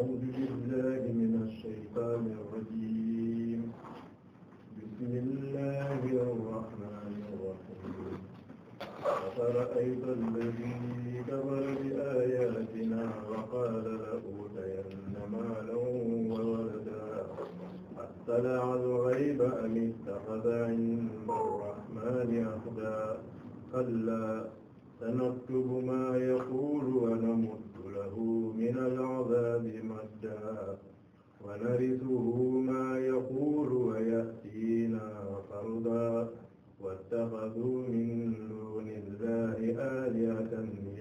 أعوذ بالله من الشيطان الرجيم بسم الله الرحمن الرحيم أفرأيت الذي كفر بآياتنا وقال لأوتين مالا وولدا أطلع الغيب أم اتخذ عند الرحمن عهدا كلا سنكتب ما يقول ونمت له من العذاب مدا ونرثه ما يقول ويأتينا فردا واتخذوا من دون الله آلهة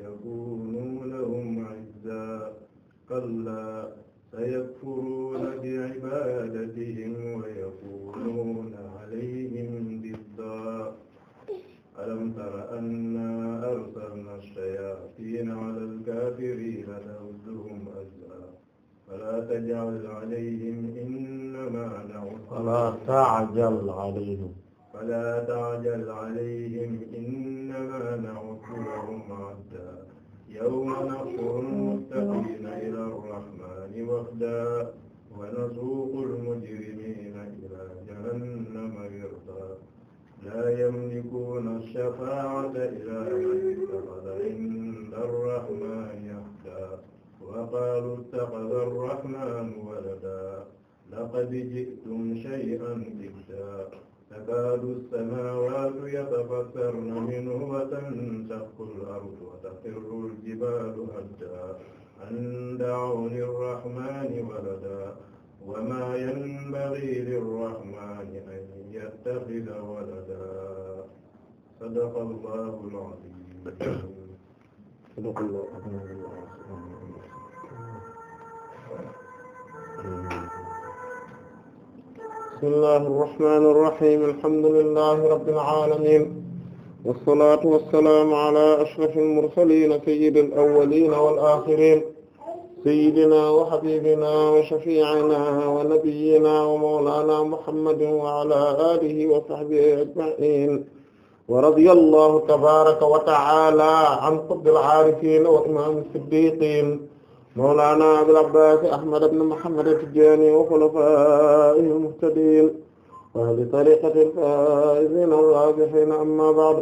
يكونوا لهم عزا كلا سيكفرون بعبادتهم ويكونون عليهم ضدا ألم تر أنا أرسلنا الشياطين على الكافرين نعدهم أزلا فلا تجعل عليهم إنما نعد فلا تعجل عليهم فلا تعجل عليهم إنما نعد لهم عدا يوم نحشر المتقين إلى الرحمن وفدا ونسوق المجرمين إلى جهنم يردا laa yamlikuuna ash-shafaa'ata illaa man ittaxada inda ar-rahmaani ahdaa wa qaaluu ittaxada ar-rahmaanu waladaa laqad ji'tum shay'an iddaa takaadu as-samaawaatu yatafassarna minhu wa tanshaqqu al-ardu wa taxirru al-jibaalu haddaa an da'aw lir-rahmaani waladaa wa maa yanbaghii lir-rahmaani an yattakhidha waladaa sadaqa Allahu al-'aziim sadaqa Allahu al-'aziim bismillahi irrahmani irrahim alhamdulilahi rabilalamin walsolatu walsalaamu ala ashraf almursalina sayida alawalina walaxirin sayyidina wa habibina wa shafi'ina wa nabiyyina wa mawlana muhammadin wa ala alihi wa sahbihi ajma'in wa radiyallahu tabaraka wa ta'ala an qutbil aarifin wa imam siddiqin mawlana abil abbas ahmad ibn muhammad at-tijani wa khulafa'ihi al-muhtadin wa ahli tariqati al-faa'izin ar-raabihin amma ba'd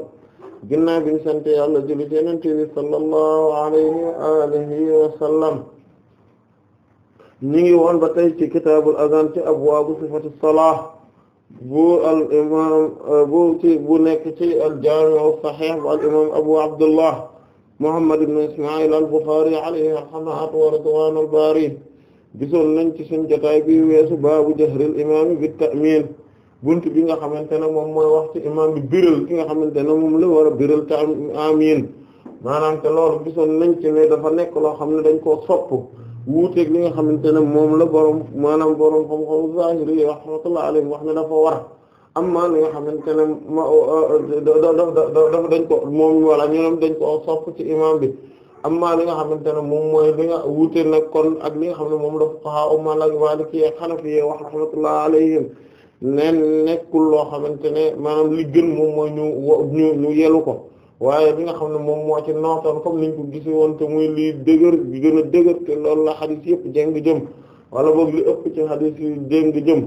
ginnaaw bi ñu sant Yàlla julli ci Yonent bi sallallahu alayhi wa alihi wa sallam ñi ngi woon ba tey ci kitaabul azan ci abwaabu sifatu salaah bu ci bu nekk ci al jaami'u saxiix bu al imaam abu abdullah muhammad ibn isma'il al buxaari alayhi rahmatu wa ridwaanu al baari gisoon nañ ci suñ jotaay bi weesu baabu jahril imaami bit ta'miin buntu bi nga xamante ne moom mooy wax ci imaam bi ki nga xamante ne moom la war a biral te amiin maanaam te lool gisoon nañ ci ne dafa nekk loo xam ne dañ koo sopp wuuteeg li nga xamante ne moom la borom maanaam borom xam-xam zahiri wax rahmatullah alayhi wax ne dafa war amma li nga xamante ne ma dafa dañ ko moom wala ñoom dañ ko sopp ci imam bi amma li nga xamante ne moom mooy li nga wuute nag kon ak li nga xam ne moom la fuqaha u malak maliki xanafi wax rahmatullah alayhim ne nekkul loo xamante ne maanaam li gën moom mooy ñu ñu ko waaye bi nga xam ne moom moo ci nootoon comme niñ ko gisi woon te muy lii dëgër bi gën a dëgër te loolu la xadis yëpp jéng jëm wala boog li ëpp ci xadis yi jéng jëm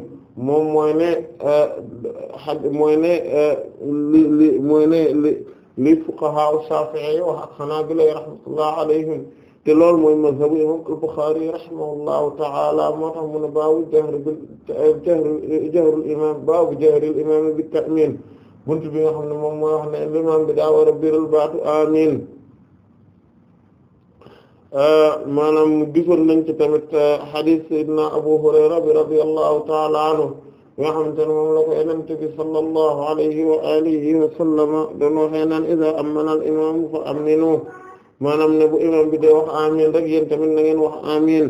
moom mooy ne euh, a euh, mooy ne li li mooy ne wax ak Hanabila rahmatullah alayhim te loolu mooy mazhabu imam al-Bukhari rahimahullahu ta'ala moo tax mu ne baabu jahru bil jahru jahrul imam baabu imam bit ta'min bunt bi nga xam ne moom moo wax ne limaam bi daa war a biral baatu amin euh, maanaam gisoon nañ ci tamit euh, hadith sayyidina Abu Hurayra bi radiyallahu ta'ala anhu bi nga xamante ne moom la ko yenente bi sallallahu alayhi wa alihi wa sallama doon waxee naan iza amana al imaamu fa aminu maanaam ne bu imam bi dee wax amin rek yéen tamit na ngeen wax amin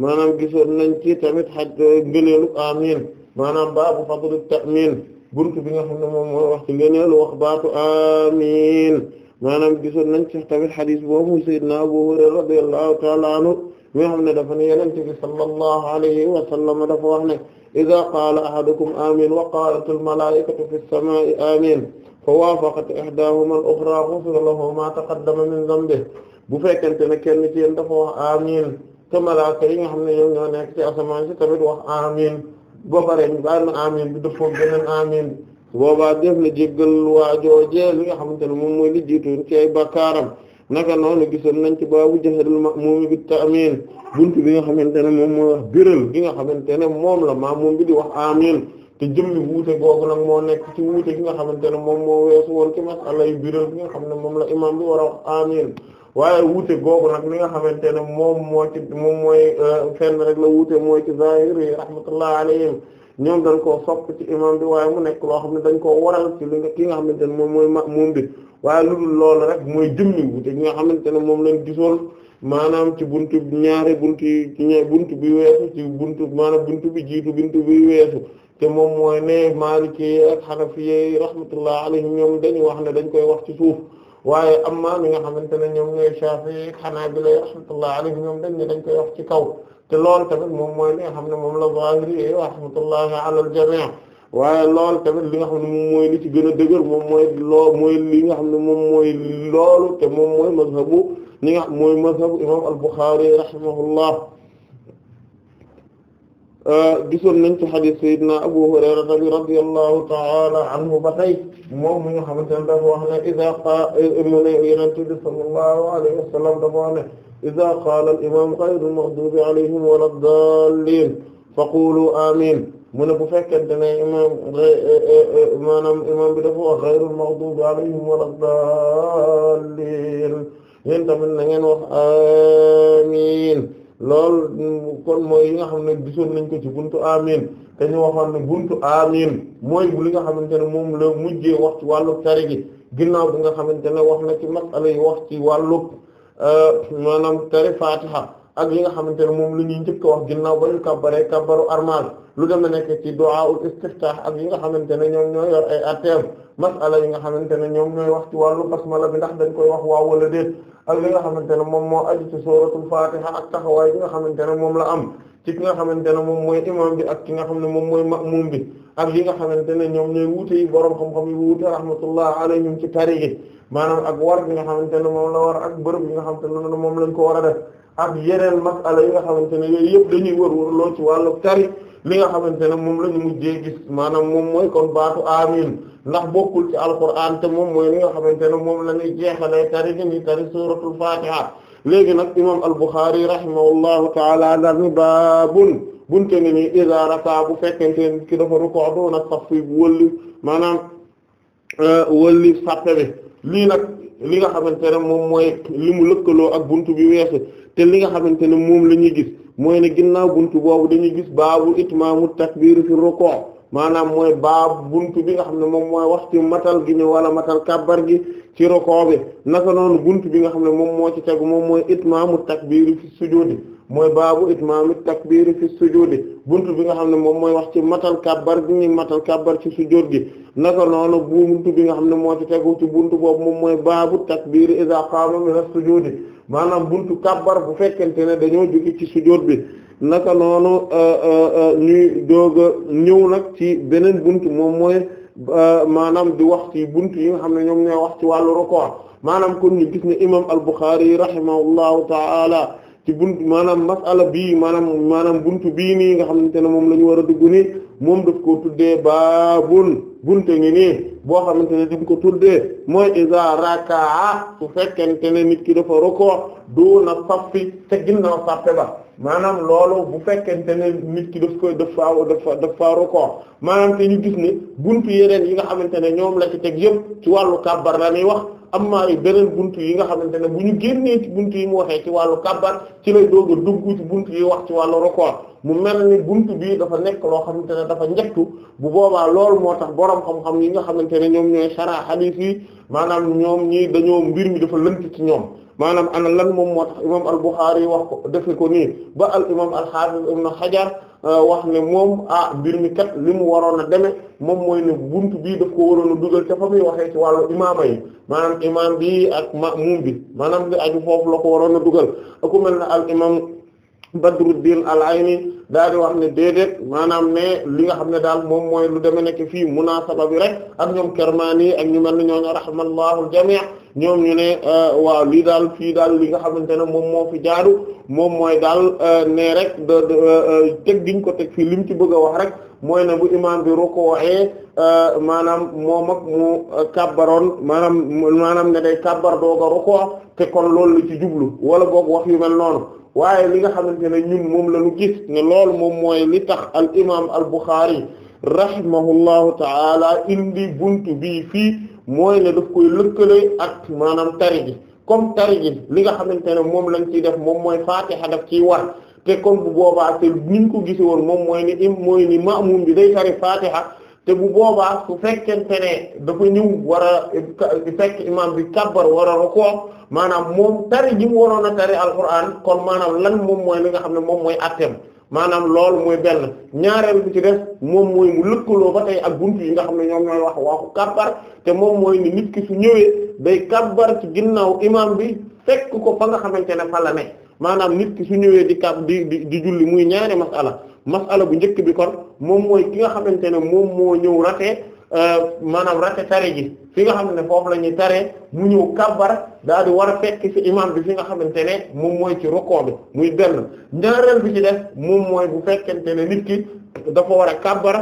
maanaam gisoon nañ ci tamit xaj ngëneelu amin maanaam baabu fadlu ta'min buntu bi nga xam ne moom mooy wax ci ngëneelu wax baatu amiin maanaam gisoon nañ ci tamit xadis boobu sayyidina Abu Hurayra radiyallahu ta'ala anhu mi nga xam ne dafa ne yonent bi sallallahu alayhi wa sallam dafa wax ne idha qaala ahadukum amiin wa qaalat al-malaa'ikatu fi as-samaa'i amiin fa waafaqat ihdaahuma al-ukhra ghufira lahu ma taqaddama min dhanbihi bu fekkente ne kenn ci yéen dafa wax amiin te malaaka yi nga xam ne ñoom ñoo nekk ci asamaan si tamit wax amiin boo paree ñu baal na amiin bi def foofu beneen amiin bi boobaa def na jéggal waajoojee li nga xamante ne moom mooy li jiitoon ci ay bakkaaram naka noonu gisoon nañ ci baabu jahril ma'muum bit ta'miin buntu bi nga xam ne moom mooy wax ki nga xamante ne moom la ma'muum bi di wax amiin te jëmmi wuute googu nag moo nekk ci wuute gi nga xamante ne moom moo weesu woon ci masala yu biral gi nga xam ne moom la imaam bi war a wax amiin waaye wuute googu nag li nga xamante ne moom moo ci moom mooy euh, fenn rek la wuute mooy ci zahir yi rahmatullah alayhim ñoom dañ koo sopp ci imam mu nekk loo xam ne dañ koo waral ci ki nga xamante ne moom mooy moom bi waaye lu dul loolu rek mooy jëmmi xamante ne moom lañ gisoon maanaam ci buntu ñaari buntu yi ci buntu bi weesu buntu maanaam buntu bi jiitu buntu bi te moom mooy ne Maliki ak Hanafi rahmatullah alayhim ñoom dañu wax ne dañ koy wax ci suuf waaye amma mi nga xamante ne ñoom ñooy Shafi'i Hanabila rahmatullahi alayhim ñoom dañ ne dañ koy wax ci kaw te loolu tamit moom mooy li nga xam ne moom la Zahiri rahmatullahi ala al-jami' waaye loolu tamit li nga xam ne moom mooy li ci gën a dëgër moom mooy loo mooy li nga xam ne moom mooy loolu te moom mooy mazhabu ñi nga mooy mazhabu imam al-Bukhari rahimahullah gisoon nañ ci xadis sayyidina Abu Hurayra bi radiyallahu ta'ala anhu ba tey moom mi nga xamante ne dafa wax ne iza mu ne yenente bi sallallahu alayhi wa sallam dafa wax ne iza qaala al imam ghayril maghdubi alayhim wala dallin faqulu amin mu ne bu fekkente ne imam maanaam imam bi dafa wax ghayril maghdubi alayhim wala dallin yéen tamit na ngeen wax amin loolu mm, kon mooy yi nga xam ne gisoon nañ ko ci buntu amin te ñu waxoon ne buntu amin mooy li nga xamante ne moom la mujjee wax ci wàllu tari gi ginnaaw bu nga xamante ne wax na ci masala yi wax ci wàllu euh, maanaam tari fatiha ak yi nga xamante ne moom la ñuy njëkk a wax ginnaaw ba ñu kabbaree kabbaru armal lu deme nekk ci du'a ul istiftah ak yi nga xamante ne ñoom ñoo yor ay atteem masala yi nga xamante ne ñoom ñooy wax ci wàllu basmala bi ndax dañ koy wax waaw wala déet ak li nga xamante ne moom moo aju ci suratul ak taxawaay bi nga xamante ne moom la am ci ki nga xamante ne moom mooy imam bi ak ki nga xam ne moom mooy ma'mum bi ak li nga xamante ne ñoom ñooy wuute yi boroom xam-xam yi wuute rahmatullah alayhim ci tari gi maanaam ak war bi nga xamante ne moom la war ak bërëb yi nga xamante ne moom lañ ko war a def ak yeneen masala yi nga xamante ne yooyu yëpp dañuy wër wër loo ci wàllu tari li nga xamante ne moom la ñu mujjee gis maanaam moom mooy kon baatu amin ndax bokkul ci alquran te moom mooy li nga xamante ne moom la ñuy jeexalee tari gi ni tari suratul fatiha léegi nag imam al-Bukhari rahimahullahu taala daal ni baabun bunte ngi nii iza raka bu fekkente ni ki dafa ruku doon ak saff bu wëlli maanaam euh, wëlli sàppe bi lii nag li nga xamante ne moom mooy li mu lëkkaloo ak buntu bi weesu te li nga xamante ne moom la ñuy gis mooy ne ginnaaw bunt boobu dañuy gis baabu itmaamu takbiir fi ruku' maanaam mooy baabu bunt bi nga xam ne moom mooy wax ci matal gi ne wala matal kabbar gi ci ruku' bi naka noonu bunt bi nga xam ne moom moo ci tegu moom mooy itmaamu takbiir fi sujuud mooy baabu itmaami takbiir fi sujuudi buntu bi nga xam ne moom mooy wax ci matal kabbar bi ñuy matal kabbar ci sujuud gi naka noonu bu bi nga xam ne moo ci tegu ci boobu moom mooy baabu takbiir iza qaama mina sujuudi maanaam buntu kabbar bu fekkente ne dañoo jóge ci sujuud bi naka noonu euh, euh, euh, ñuy doog a ñëw nag ci beneen buntu moom mooy maanaam di wax ci buntu yi nga xam ne ñoom ñooy wax ci wàllu record maanaam kon ñu gis ne imam al-Bukhari rahimahullahu ta'ala ci bunt maanaam masala bii maanaam maanaam buntu bii nii nga xamante ne moom la ñu war a dugg nii moom daf ko tuddee bunt bunte ngi nii boo xamante ne dañ ko tuddee mooy iza rakaa su fekkente ne nit ki dafa rokoo doona saffi te ginnaaw sàppe ba maanaam loolu bu fekkente ne nit ki daf koy daf faa dafa daf faa rokoo maanaam te ñu gis ne buntu yeneen yi nga xamante ne ñoom la ci teg yëpp ci wàllu kàbbar la ñuy wax am na ay beneen buntu yi nga xamante ne bu ñu génnee ci yi mu waxee ci wàllu kàbbar ci lay doog a dugg ci buntu yi wax ci wàllu record mu mel ni buntu bii dafa nekk loo xamante ne dafa njëkku bu boobaa loolu moo tax borom xam-xam yi nga xamante ne ñoom ñooy sara hadith yi maanaam ñoom ñii dañoo mbir mi dafa lënt ci ñoom maanaam ana lan moom moo tax imaam al-Bukhari wax ko defe ko nii ba al imaam al-Hafiz ibn Hajar Euh, wax ne moom ah mbir mi kat li mu waroon a demee moom mooy ne buntu bii daf ko waroon a dugal ca fa muy waxee ci wàllu imaama yi maanaam imaam bii ak ma'muum bi maanaam bi aju foofu la ko waroon a dugal ku mel ne al imaam Badruddin al-Ayni daal di wax ne déedéet maanaam ne li nga xam ne daal moom mooy lu deme nekk fii munaasaba bi rek ak ñoom Kermani ak ñu mel ne ñooñu rahmallahu al-jami' ñoom ñu ne euh, waaw lii daal fii daal li nga xamante ne moom moo fi jaadu moom mooy daal euh, ne rek de euh, teg giñ ko teg fii lim ci bëgg a wax rek mooy ne bu imaam bi rukkooxee maanaam moom ak mu kàbbaroon maanaam ne day kàbbar doog a rukkoo te kon loolu la ci jublu wala boog wax yu mel noonu. waaye li nga xamante ne ñun moom la ñu gis ne loolu moom mooy li tax al imaam al Bukhari rahimahullahu ta'ala indi buntu bii fii mooy ne def koy lëkkale ak maanaam tari gi comme tari gi li nga xamante ne moom lañ ciy def moom mooy faatiha daf ci war te comme bu boobaa te niñ ko gise woon moom mooy ni im mooy ni ma'mum bi day tari faatiha te bu boobaa su fekkente ne dafa ñëw war a fekk imam bi kabbar war a rukoo maanaam moom tari ji mu waroon a tari kon maanaam lan moom mooy li nga xam ne moom mooy atteem maanaam loolu mooy benn ñaareel bi ci def moom mooy mu lëkkaloo ba tey ak buntu yi nga xam ne ñoom ñooy wax waxu kabbar te moom mooy ni nit ki su ñëwee bay kabbar ci ginnaaw imam bi fekk ko fa nga xamante ne fa la ne maanaam nit ki su ñëwee di kab di di julli muy ñaari masala masala bu njëkk bi kon moom mooy ki nga xamante ne moom moo ñëw ratee euh, maanaam rate tare ji fi nga xam ne foofu lañuy ñuy taree mu ñëw kabbar daal di war a fekk ci imam bi fi nga xamante ne moom mooy ci rukoo muy benn ñaareel bi ci moom mooy bu fekkente ne nit ki dafa war a kabbar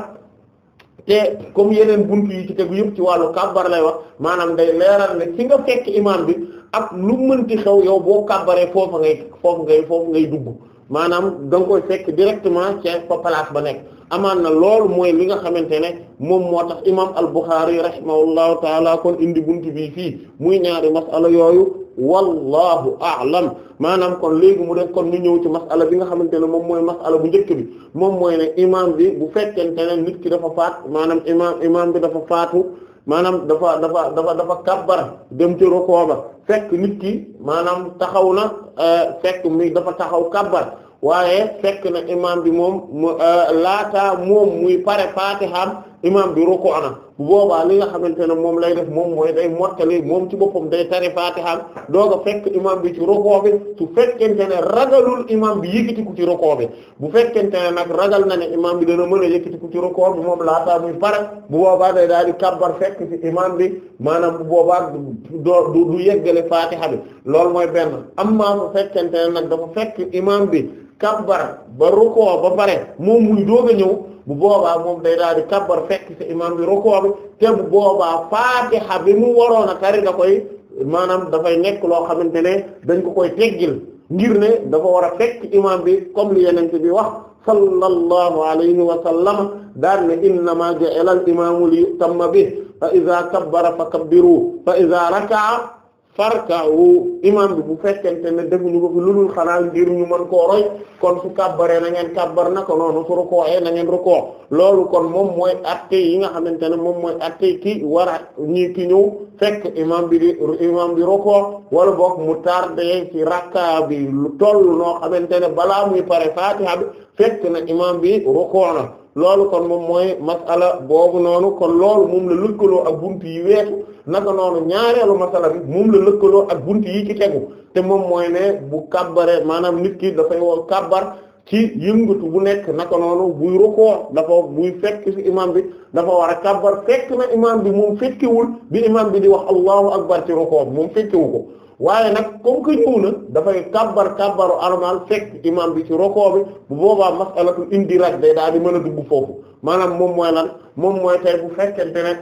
te comme yeneen buntu yi ci tegu yëpp ci wàllu kabbar lay wax maanaam day leeral ne fi nga fekk imam bi ak lu mënti xew yow boo kabbaree foofu ngay foofu ngay foofu ngay dugg maanaam da nga koy fekk directement ci fa place ba nekk amaan na loolu mooy li nga xamante ne moom moo tax imam al-Bukhari rahimahullahu taala kon indi buntu bii fii muy ñaari masala yooyu wallahu a'lam maanaam kon léegi mu def ñu ñëw ci masala bi nga xamante ne moom mooy masala bu njëkk bi moom mooy ne imam bi bu fekkente ne nit ki dafa faat maanaam imam imam bi dafa faatu maanaam dafa dafa dafa dafa kabbar dem ci rokooba fekk nit ki maanaam taxaw na eh, fekk mi dafa taxaw kabbar waaye fekk na imam bi moom euh, laata moom muy pare faatihaam imam bi ruku na bu boobaa li nga xamante ne moom lay def moom mooy day mottali moom ci boppam day tari faatihaam doog a fekk imam bi ci ruku bi su fekkente ne ragalul imam bi yëkkatiku ci ruku bi bu fekkente ne nag ragal na ne imam bi dana mën a yëkkatiku ci ruku bi moom laata muy pare bu boobaa day daal di kabbar fekk ci imam bi maanaam bu boobaa du du yeggale faatiha bi loolu mooy benn amma bu fekkente ne nag dafa fekk imam bi kabbar ba rukoo ba pare moom muy doog a ñëw bu boobaa moom day daal di kabbar fekk ci imam bi rukoo bi te bu boobaa faatiha bi mu waroon a tari da koy maanaam dafay nekk loo xamante ne dañ ko koy teggil ngir ne dafa war a fekk imam bi comme li yenente bi wax sallallahu alayhi wa sallam daan ne innama ja'ala al imamu li yutamma bi fa iza kabbara fa kabbiru fa iza raka'a farka'u imam bi bu fekkente ne defuñu ko lu lulul xanaa ngir ñu mën koo kon su kàbbaree na ngeen kàbbar naka noonu su rukooee na loolu kon moom mooy atte yi nga xamante ne moom mooy atte ki war a ñii ki ñëw fekk imam bi bi rukoo wala boog mu tardé ci rakka bi lu toll noo xamante ne balaa muy pare fatiha bi fekk na imam bi rukoo na loolu kon moom mooy masala boobu noonu kon loolu moom la lëkkaloo ak buntu yi weesu naka noonu ñaareelu masala bi moom la lëkkaloo ak bunt yi ci tegu te moom mooy ne bu kàbbare maanaam nit ki dafay woon kàbbar ci yëngatu bu nekk naka noonu buy rukoo dafa buy fekk ci bi dafa war a kàbbar fekk na imam bi moom fekkiwul bi imam bi di wax allahu akbar ci rukoo moom fekkiwu ko waaye nag comme que ñëw na dafay kàbbar kàbbaru armal fekk imam bi ci rukoo bi bu boobaa masalatul indiraj day daal di mën a dugg foofu maanaam moom mooy lan moom mooy tey bu fekkente ne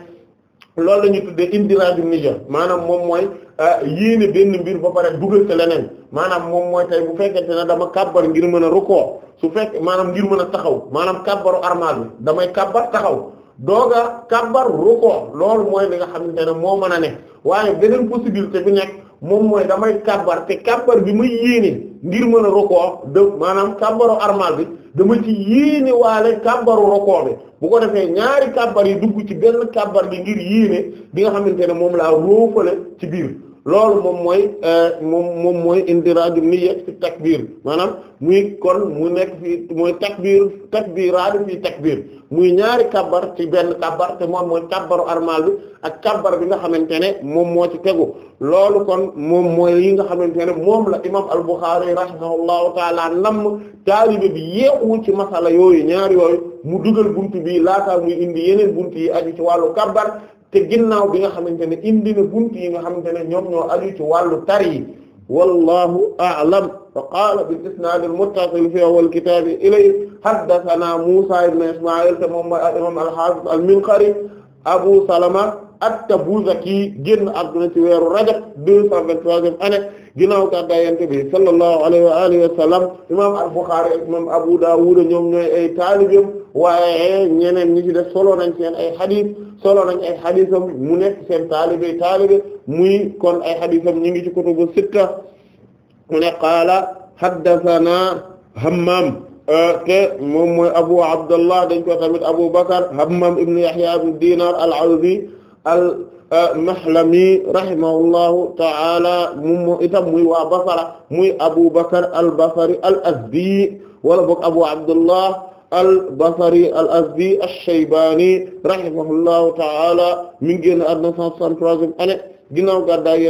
loolu la ñuy tuddee indiraaju Niger maanaam moom mooy ah, yéene benn mbir ba pare dugal ci leneen maanaam moom mooy tey bu fekkente ne dama kàbbar ngir mën a rukkoo su fekk maanaam ngir mën a taxaw maanaam kàbbaru armal bi damay kàbbar taxaw dooga kàbbar rukkoo loolu mooy li nga xamante ne moo mën a ne waaye beneen possibilité bi nekk. moom mooy damay kàbbar te kàbbar bi ma yéene ngir mën a rokoo de maanaam kàbbaru armal bi dama ci yéene waale kàbbaru rokoo bi bu ko defee ñaari kàbbar yi dugg ci benn kàbbar gi ngir yéene bi nga xamante ne moom laa roofale ci biir loolu moom mooy euh, moom moom mooy indiraaju niyya fi takbir maanaam muy kon mu nekk fii mooy takbir takbiraadu fi takbir muy ñaari kabbar ci benn kabbar te moom mooy kabbaru armal bi ak kabbar bi nga xamante ne moom moo ci tegu loolu kon moom mooy yi nga xamante ne moom la imam al-Bukhari rahimahullahu taala namm taalibe bi yeewu ci masala yooyu ñaari yooyu mu dugal buntu bi laataa muy indi yeneen buntu yi aju ci wàllu kabbar te ginnaaw bi nga xamante ne indi na bunt yi nga xamante ne ñoom ñoo aju ci wàllu tar yi wallahu a'lam fa qaala bil isnaad al muttasil fi awwal kitaab ilayhi haddathanaa Muusaa ibn Ismaa'iil te moom mooy al-imaam al-haafiz al-Minqari Abu Salama at-Tabuzaki génn àdduna ci weeru Rajab deux cent vingt-troisième ginnaaw gàddaay yonent bi sallallahu alayhi wa alihi wa sallam imam al-Bukhari imam Abu Dawud ñoom ñooy ay taalibeem waaye ñeneen ñi ci def solo nañ seen ay xadis solo nañ ay xadisam mu nekk seen taalibe taalibe muy kon ay xadisam ñu ngi ci kutubu sitta mu ne qaala haddathana Hammam te moom mooy Abu Abdullah dañ ko tamit Abu Bakr Hammam ibn Yahya ibn Dinar al-Awdi al awdi Mahlami rahimahullahu ta'ala moom itam muy waa Basra muy Abu Bakr al-Basri al-Azdi wala boog Abu Abdullah al-Basri al-Azdi ash-Shaybani rahimahullahu ta'ala mi ngi génn àdduna 163e année ginnaaw gàddaay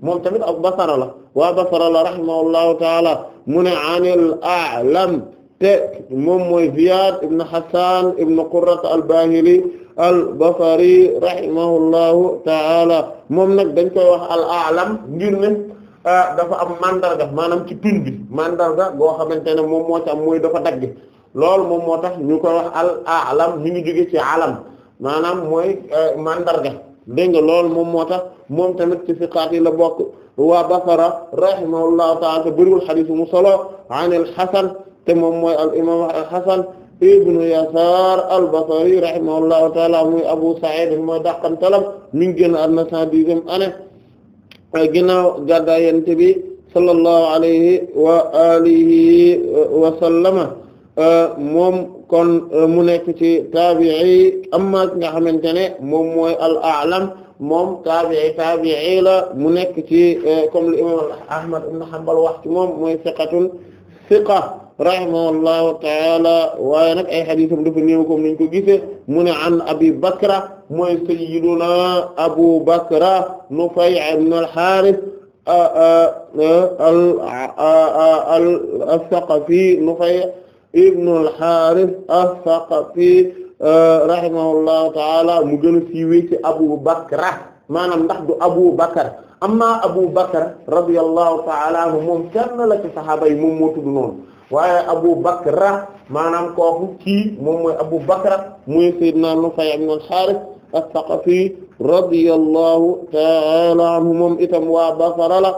moom tamit ab Basra la waa Basra la rahimahullahu ta'ala mu ne 'an al-A'lam te moom mooy Ziyad ibn Hasan ibn Qurra al-Bahili al-Basri rahimahullahu ta'ala moom nag dañ koy wax al-A'lam ngir ne ah, dafa am mandarga maanaam ci pin bi mandarga goo xamante ne moom moo ci am mooy dafa dagg loolu moom moo tax ñu koy wax al-A'lam ñu ngi jóge ci alam maanaam mooy eh, mandarga dégg nga lool moom moo tax moom tamit ci siqaat la bokk waa Basra rahimahullahu ta'ala te bëriwul xadiis mu solo an al-Hasan te moom mooy al imam Hasan ibnu Yasaar al-Basri rahimahullahu taala muy Abu Sa'id mooy dàqantalam mi ngi génn àdduna cent dixième année ginnaaw gàddaa yonent bi sallallahu alayhi wa alihi wa sallama moom kon mu nekk ci taabi'i amma nga xamante ne moom mooy al-A'lam moom taabi'i taabi'i la mu nekk ci comme li imam Ahmad ibn Hanbal wax ci moom mooy siqatun siqa rahimahullahu taala waaye nag ay xadiisam dafa néew comme niñ ko gisee mu ne an abi bakra mooy sayyiduna abu bakra nufay ibn al-harith as-saqafi nufay ibn al-harith as-saqafi rahimahullahu taala mu gën a siiwee ci abu bakra maanaam ndax du abu bakar amma abu bakar radiyallahu taala anhu moom kenn la ci saxaaba yi moom moo tudd noonu waaye Abu Bakra maanaam kooku kii moom mooy Abu Bakra muy Seydina Nufay ibn al-Harith as-Saqafi radiyallahu ta'ala anhu moom itam waa Basra la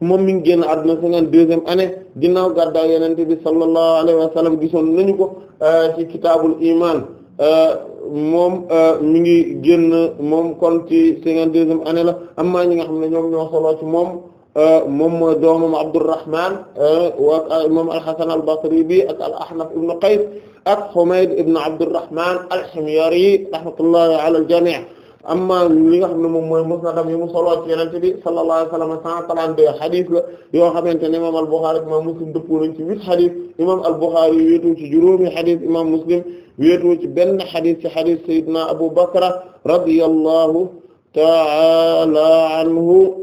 moom mi ngi génn àdduna cinquante-deuxième année ginnaaw gàddaa Yonent bi sallallahu alayhi wa gisoon nañu ko euh, ci kitaabul iman euh, moom euh, mi ngi génn moom kon ci cinquante-deuxième année la amma ñi nga xam ne ñoom ñoo moom moom mooy doomam Abdurrahman eh, wa moom al-Hasan al-Basri bi ak al-Ahnaf ibn Qays ak Humayd ibn Abdurrahman al-Himyari rahmatullahi ala al-jami' amma li nga xam ne moom mooy musnadam yi mu soloo ci yenente bi sallallahu alayhi wa sallam 132 xadis la yoo xamante ne imam al-Bukhari ak imam Muslim dëppoo nañ ci huit xadis imam al-Bukhari wéetoo ci juróomi xadis imam Muslim wéetoo ci benn xadis ci xadis Seydina Abu Bakra radiyallahu ta'ala anhu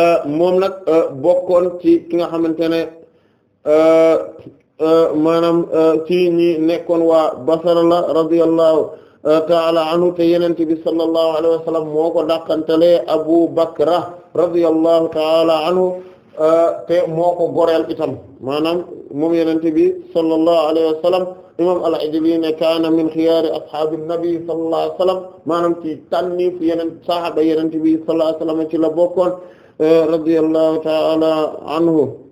Euh, moom nag euh, bokkoon ci ki nga xamante ne euh, maanaam ci ñi nekkoon waa Basra la radiyallahu taala anhu te yenent bi sallallahu alayhi wa sallam moo ko dàqantale Abu Bakra radiyallahu taala anhu te moo ko goreel itam maanaam moom yenent bi sallallahu alayhi wa sallam imam al-Ijli ne kaana min xiyaari ashaabi nabi sallallahu alayhi wa sallam maanaam ci tànni fu yeneen sahaaba yenent bi sallallahu alayhi wa sallam ci la bokkoon Eh, radiyallahu ta'ala anhu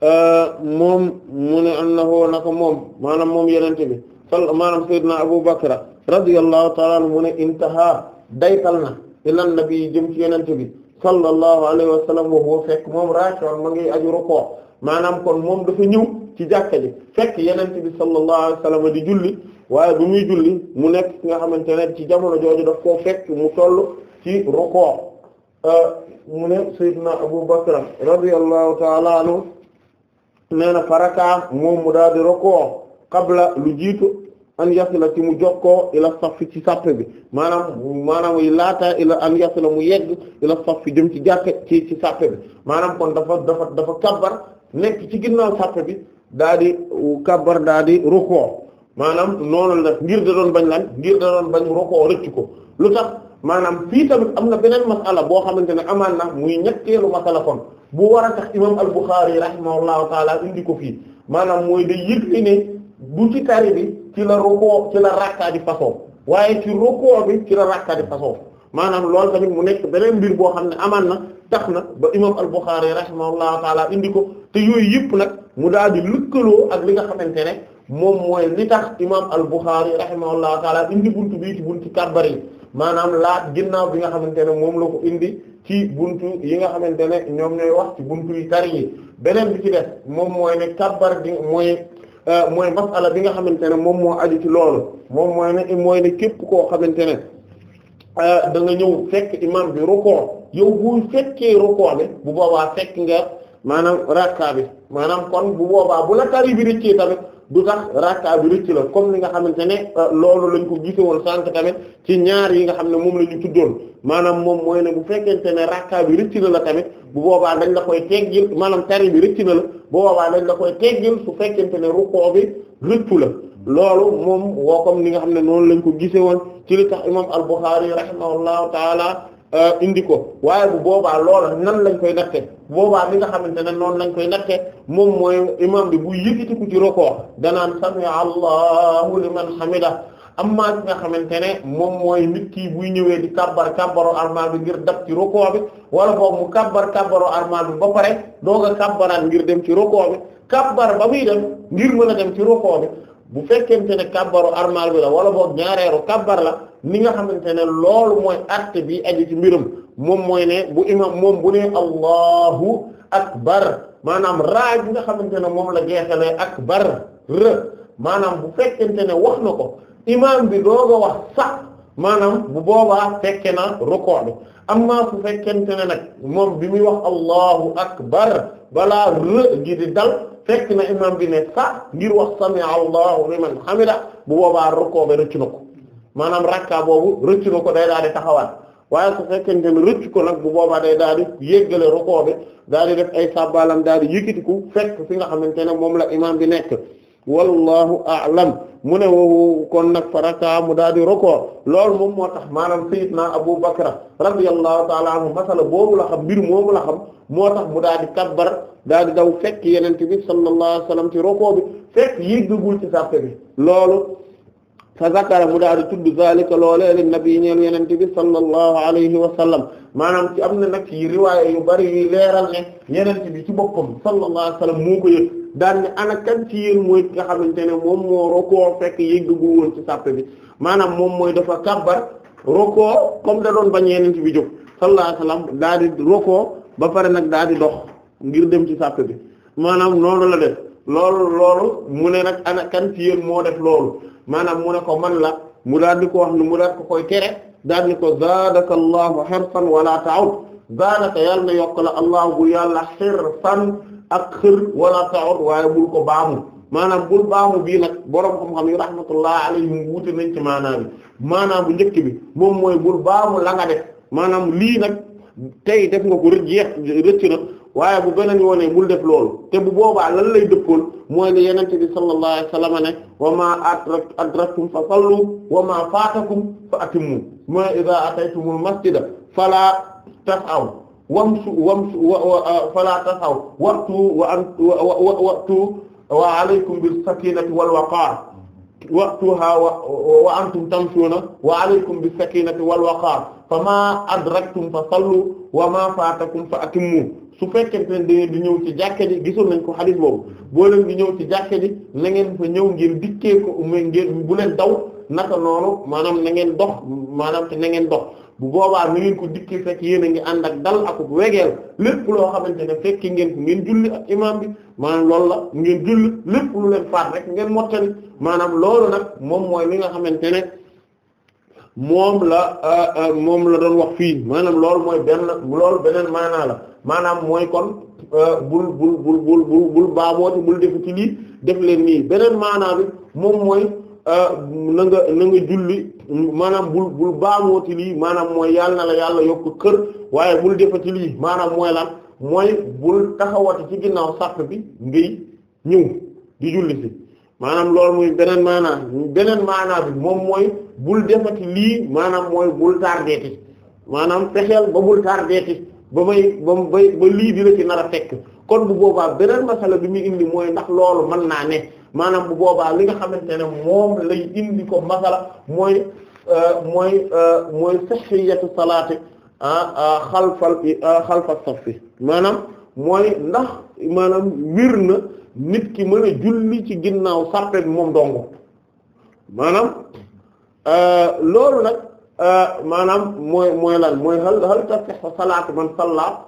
eh, moom mu ne annahu naka moom maanaam moom yenente bi sal maanaam sayyidina Abu Bakr radiyallahu ta'ala anhu mu ne intaha daytal na ila nabi jëm ci yenente bi sallallahu alayhi wa sallam wa huwa fekk moom raakon ma ngi aju rukoo maanaam kon moom dafa ñëw ci jàkka ji fekk yenente bi sallallahu alayhi wa sallam di julli waaye bu muy julli mu nekk nga xamante ne ci jamono jooju daf koo fekk mu toll ci rukoo mu ne Seydina Abu Bakr radiyallahu ta'ala anhu nee na faraka moom mu daal di roko qabla lu jiitu an yasila ci mu jokkoo ila saffi ci sàppe bi maanaam maanaam muy laata ila an yasila mu yegg ila saffi jëm ci jàppe ci ci sàppe bi maanaam kon dafa dafa kabbar nekk ci ginna sàppe bi daa di kabbar daa di roko maanaam noonu la ngir da doon bañ lan ngir da doon bañ roko rëcc ko lu tax maanaam fii tamit am na beneen masala boo xamante ne amaan na muy ñetteelu masala kon bu war a tax imam al-Bukhari rahimahullahu taala indi ko fii maanaam mooy day yëg ne bu ci tari bi ci la rukoo ci la rakkaa waaye ci rukoo bi ci la rakkaa di façon maanaam lool tamit mu nekk beneen mbir boo xam ne amaan na tax na ba imam al-Bukhari rahimahullahu taala indi ko te yooyu yëpp nag mu daal di lëkkaloo ak li nga xamante ne moom mooy li tax imam al-Bukhari rahimahullahu taala indi buntu bii ci buntu yi maanaam laat ginnaaw bi nga xamante ne moom la ko indi ci buntu yi nga xamante ne ñoom ñooy wax ci buntu yi tar yi beneen bi ci def moom mooy ne kabbar gi mooy euh, mooy masala bi nga xamante ne moom moo aju ci loolu moom mooy ne mooy ne képp koo xamante ne euh, da nga ñëw fekk imam bi rukoo yow bu fekkee rukoo ne bu boobaa fekk nga maanaam rakka bi maanaam kon bu boobaa bu la tari bi rëccee tamit du tax rakka bi rëcc la comme li nga xamante ne euh, loolu lañ ko gisewoon sànq tamit ci ñaar yi nga xam ne moom la ñu tuddoon maanaam moom mooy ne bu fekkente ne rakka bi rëcc na la tamit bu boobaa dañ la koy teggil maanaam tari bi rëcc na la bu boobaa dañ la koy teggil su fekkente ne rukkoo bi rëccu la loolu moom woo comme li nga xam ne noonu lañ ko gisewoon ci li tax imam al-Bukhari rahimahullahu taala Euh, indi ko waaye bu boobaa loola nan lañ koy natte boobaa li nga xamante ne noonu lañ koy natte moom mooy imam bi bu yëkkati ko ci rokoo danaan sami allahu liman hamida amma ki nga xamante ne moom mooy nit ki buy ñëwee di kabbar kabbaro armal bi ngir daf ci rokoo bi wala boog mu kabbar kabbaro armal bi ba pare doog a kabbaraan ngir dem ci rokoo bi kabbar ba muy dem ngir mën a dem ci rokoo bi bu fekkente ne kabbaru armal bi la wala boog ñaareeru kabbar la ni nga xamante ne loolu mooy acte bi aju mbirum moom mooy ne bu imam moom bu ne allahu akbar maanaam raa gi nga xamante ne moom la jeexale akbar rë maanaam bu fekkente ne wax na ko imam bi dooga wax sax maanaam bu boobaa fekke na rukoo bi amma su fekkente ne nag moom bi muy wax allahu akbar balaa rë gi di dal fekk na imam bi ne sax ngir wax sami'a allahu liman hamida bu boobaa rukoo bi rëcc na ko maanaam rakka boobu rëcc na ko day daal di taxawaat waaye su fekkente ne rëcc ko nag bu boobaa day daal di yéggale rukoo bi daal di def ay sàbbaalam daal di yëkkati ku fekk fi nga xamante ne moom la imam bi nekk wallahu a'lam mu ne woowu kon nag faraka mu daal di roko lool moom moo tax maanaam sayyidna Abu Bakra radiyallahu ta'ala anhu masala boobu la xam moo tax mu daal di kabbar daal di daw fekk yeneen bi sallallahu alayhi wasallam ci roko bi fekk yéggagul ci sàppe bi loolu fa zakara mu daal di tudd zalika loolee li nabi ñeel yeneen bi sallallahu alayhi wasallam maanaam am na nag ci riwaaya yu bari yuy leeral ci boppam sallallahu alayhi wasallam moo ko yëg daan ne ana kan ci yéen mooy nga xamante ne moom moo rokoo fekk yëggu woon ci sàppe bi maanaam moom mooy dafa kàbbar rokoo comme da doon bañ yeneen ci bi jóg sallallahu alayhi wasallam daa di rokoo ba pare nag daa di dox ngir dem ci sàppe bi maanaam noonu la def loolu loolu mu ne nag ana kan ci yéen moo def loolu maanaam mu ne ko man la mu daal di ko wax ne mu ko koy tere daal di ko zaadaka allahu xersan wala ta'ud zaadaka yàlla na yokk la allah bu yàlla xirfan ak xër wala ta'ud waaye bul ko baamu maanaam bul baamu bii nag borom xam-xam yi rahmatullah alayhim wuute nañ ci maanaam maanaam bu njëkk bi moom mooy bul baamu la nga def maanaam lii nag tey def nga ko jeex rëcc na waaye bu beneen yoonee bul def loolu te bu boobaa lan lay dëppool mooy ne yenente bi sallallahu alayhi wasallam ne wa ma adrak adraktum fa sallu wa ma faatakum fa atimmu ma idha ataytumul masjida fala tasaw wamsu wamsu fala tasaw waqtu wa an waqtu wa alaykum bis sakinati wal waqar waqtuha wa antum tamshuna wa alaykum bis sakinati wal waqar fama adraktum fa sallu wa ma fatakum fa atimmu su fekkente ne da ngeen di ñëw ci jàkka ji gisoon nañ ko xadis boobu boo leen di ñëw ci jàkka ji na ngeen fa ñëw ngeen dikkee ko ngeen bu leen daw naka noonu maanaam na ngeen dox maanaam te na ngeen dox bu boobaa na ngeen ko dikki fekk yéen a ngi ànd ak dal ak wegeel lépp loo xamante ne fekk ngeen ko ngeen julli ak imaam bi maanaam loolu la ngeen julli lépp lu leen faat rek ngeen mottali maanaam loolu nag moom mooy li nga xamante ne moom la euh, euh, moom la doon wax fii maanaam loolu mooy benn loolu beneen maanaa la maanaam mooy kon euh, bul bul bul bul bul bul baabooti bul def ci lii def leen nii beneen maanaa moom mooy Ah, nanga nga na nga julli maanaam bul bul baamooti lii maanaam mooy yàlla la yàlla yokk kër waaye bul defati lii maanaam mooy la mooy bul taxawati ci ginnaaw sàpp bi ngay ñëw di julli si maanaam lool muy beneen maanaa beneen maanaa bi moom mooy bul defati lii maanaam mooy bul tardeeti maanaam fexeel ba bul tardeeti ba may ba bay ba lii di la ci nar fekk kon bu boobaa beneen masala bi muy indi mooy ndax loolu mën naa ne maanaam bu boobaa li nga xamante ne moom lay indi ko masala mooy euh, mooy euh, mooy sahhiyatu salaati ah, ah, xalfal ah, xalfal saffi maanaam mooy ndax maanaam wir na nit ki mën a julli ci ginnaaw sàppe bi moom dongo maanaam euh, loolu nag maanaam mooy mooy lan mooy hal hal tasihhu salaatu man salla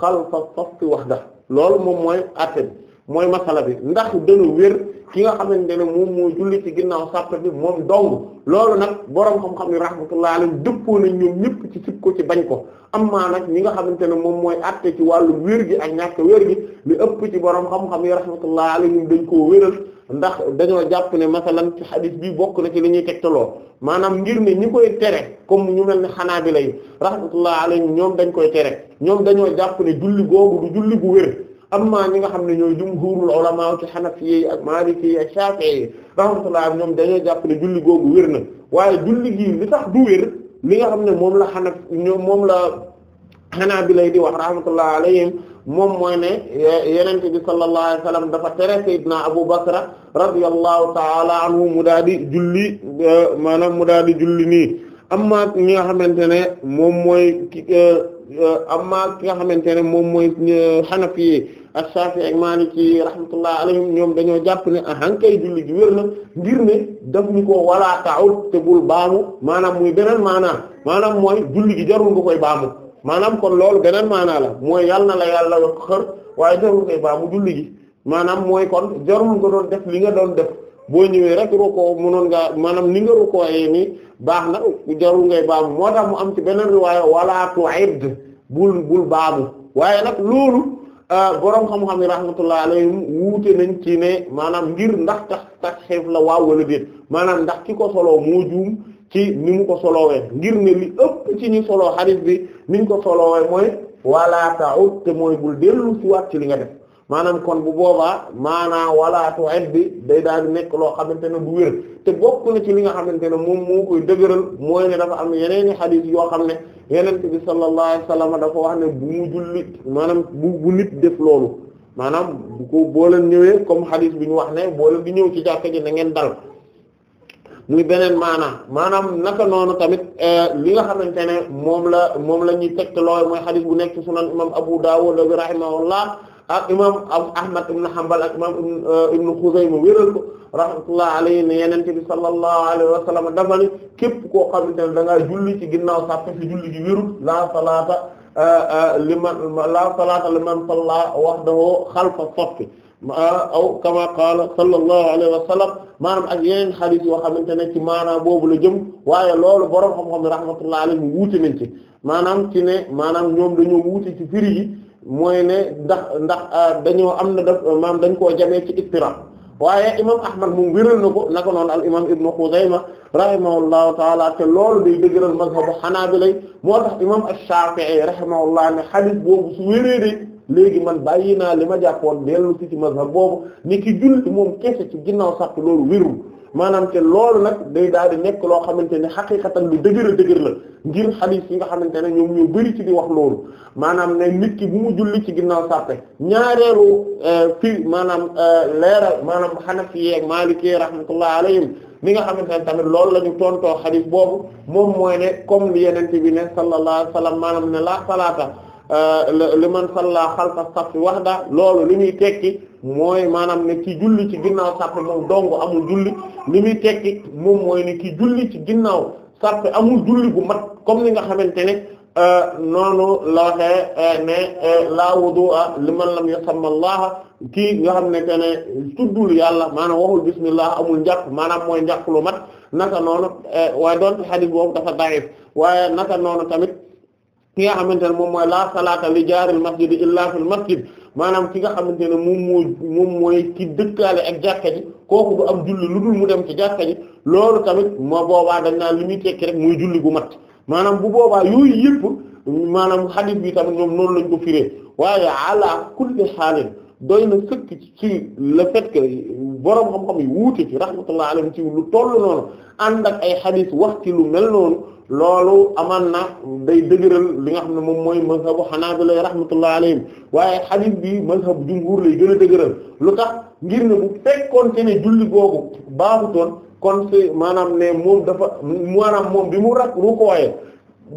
xalfa saffi wahda loolu moom mooy atte mooy masala bi ndax dana wér ki nga xamante ne moom moo julli ci ginnaaw sàpp bi moom dong loolu nag boroom xam-xam ni rahmatullahi alayhim dëppoo nañ ñoom ñëpp ci sib ko ci bañ ko am maa nag ñi nga xamante ne moom mooy àtte ci wàllu wér gi ak ñàkk wér gi li ëpp ci boroom xam-xam yi rahmatullahi ñu dañ koo wéral ndax dañoo jàpp ne masalan ci xadis bi bokk na ci li ñuy tegtaloo maanaam ngir ne ñi koy tere comme ñu mel ni xanaa bi lay rahmatullahi alayhim ñoom dañ koy tere ñoom dañoo jàpp ne julli googu julli gu wér amma ñi nga xam ne ñooy jumhurul ulama ci hanafi ak maliki ak shafi'i rahmatullah ñoom dañoo jàpp ne julli googu wér na waaye julli gi li tax du wér li nga xam ne moom la xanaf ñoom moom la hanabila di wax rahmatullah alayhim moom mooy ne yenente bi dafa tere sayyidina Abu Bakr radiyallahu ta'ala anhu mu daa di julli maanaam mu daa di julli nii amma ñi nga xamante ne moom mooy amma ki nga xamante ne moom mooy xanafi as-Shafi'i ak Maliki rahmatullah alayhim ñoom dañoo jàpp ne ahankay julli gi wér na ngir ne daf ñu ko walaa ta'ud te bul baamu maanaam muy beneen maanaam maanaam mooy julli gi jarul nga koy baamu maanaam kon loolu beneen maanaa la mooy yàlla na yàlla yokk xër waaye jarul koy baamu julli gi maanaam kon jarul nga doon def li nga doon def boo ñëwee rek rukkoo mënoon nga maanaam ni nga rukkoo yee nii baax na jarul ngay baamu moo tax mu am ci beneen riwaaya walaa tu'id bul bul baamu waaye nag loolu Euh, borom xam-xam yi rahmatullah alayhim wuute nañ ci ne maanaam ngir ndax tax tax xeef la waaw wala déet maanaam ndax ki ko soloo moo ci ni mu ko solowee ngir ne li ëpp ci ñu solo xarit bi niñ ko solowee mooy wala ta'ud te mooy bul dellu ci waat ci li nga def maanaam kon bu boobaa maanaa walaatu et bi day daal di nekk loo xamante ne bu wér te bokk na ci li nga xamante ne moom moo koy dëgëral mooy ne dafa am yeneeni xadiis yoo xam ne yenent bi sallallahu alayhi wasallam dafa wax ne bu mu julli maanaam bu bu nit def loolu maanaam bu ko boo leen ñëwee comme xadiis bi ñu wax ne boo bi di ñëw ci jàkka ji na ngeen dal muy beneen maanaa maanaam naka noonu tamit euh, li nga xamante ne moom la moom la ñuy teg looy mooy xadiis bu nekk ci sunan imam Abu Dawud bi rahimahullah ak imam Ahmad ibn Hanbal ak imam euh, ibn Khuzaymah wéral ko rahmatullah alayhi ne yenente bi sallallahu alayhi wa sallam dafa ni képp koo xamante ne da ngaa julli ci ginnaaw sàpp fi julli gi wérul la salaata euh, euh, liman la salaata liman salla wahdahu xalfa saffi aw kama qaala sallallahu alayhi wa sallam maanaam ak yeneen xadiis yoo xamante ne ci maanaam boobu la jëm waaye loolu boroom xam-xam ne rahmatullah alayhi wuute nañ ci maanaam ci ne maanaam ñoom dañoo wuute ci firi yi mooy ne ndax ndax ah, dañoo am na daf maam dañ koo jamee ci ittira waaye imam ahmad moom wéral na ko naka noonu al imam ibnu xuzayma rahimahullahu taala te loolu day dëgëral mazhabu xanaabila moo tax imam ash-shafi'i rahimahullah ne xadis boobu su wéree de léegi man bàyyi naa li ma jàppoon dellu si ci mazhab boobu ni ki i moom kese ci ginnaaw sax loolu wérul maanaam te loolu nag day daal di nekk loo xamante ne xaqiiqatan lu dëgër a dëgër la ngir xadiis yi nga xamante ne ñoom ñoo bari ci wax loolu maanaam ne nit ki bu mu julli ci ginnaaw sàppe ñaareelu eh, fi maanaam eh, leeral maanaam xanafi yeeg maaliki rahmatullah alayhim li nga xamante ne tamit loolu la ñu tontoo xadiis boobu moom mooy ne comme li yenente bi ne sallallahu alayhi wa sallam maanaam ne laa salaata eh, liman salla xalfa safi wahda loolu li muy tekki mooy maanaam ne ki julli ci ginnaaw sàppe moom dong amul julli li muy tekki moom mooy ne ki julli ci ginnaaw sàppe amul julli bu mat comme ni nga xamante ne euh, noonu la waxee euh, ne euh, la wudu'a liman lam yusamma Allah kii nga xam ne te ne tuddul yàlla maanaam waxul bismillah amul njàpp maanaam mooy njàpp lu mat naka noonu waaye doonte xadis boobu dafa da'if waaye naka noonu tamit ki nga xamante ne moom mooy laa salaata li jaaril masjid illa fil masjid maanaam ki nga xamante ne moom mooy moom mooy ki dëkkaale ak jàkka ji kooku du am julli lu dul mu dem ci jàkka ji loolu tamit moo boobaa dañ naan li muy tekki rek muy julli gu mat maanaam bu boobaa yooyu yëpp maanaam xadiis bi tamit ñoom noonu lañ ko firee waaye ala kulli xaalin doy na sëkk ci le fait que borom xam-xam yi wuute ci rahmatullah alayhi ci lu toll noonu ànd ak ay xadis wax ci lu mel noonu loolu amaan na day dëgëral li nga xam ne moom mooy xanaa mazhabu xanaabila rahmatullah alayhim waaye xadis bi mazhab jumhur lay gën a dëgëral lu tax ngir ne bu fekkoon te ne julli googu baaxutoon kon si maanaam ne moom dafa mu maanaam moom bi mu rak ruukooyee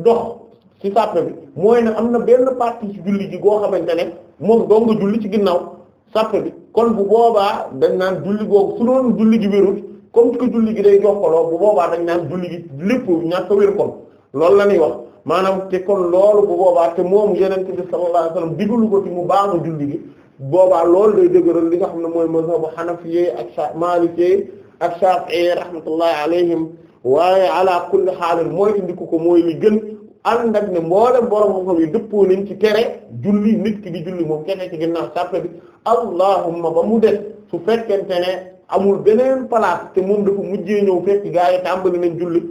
dox ci sàppe bi mooy ne am na benn partie ci julli ji goo xamante ne moom dong julli ci ginnaaw sàpp bi kon bu boobaa dañ naan julli googu su julli gi wérul comme que julli gi day jokkaloo bu boobaa dañ naan julli gi lépp ñàkk a wér kon loolu la ñuy wax maanaam te kon loolu bu boobaa te moom yeneen bi sallallahu alayhi wasallam diggalu ko ti mu baamu julli gi boobaa loolu day dëgëral li nga xam ne mooy mazhabu hanafiyye ak maalikiyye ak shafi'i rahmatullahi alayhim waaye ala kulli xaalin mooy indi ko ko mooy li gën. ànd ak ne mboolem borom xam-xam yi dëppoo nañ ci tere julli nit ki di julli moom ki ci ginnaaw sàppe bi allahumma ba mu des su fekkente ne amul beneen place te moom dafa mujjee ñëw fekk gaa yi tàmbali nañ julli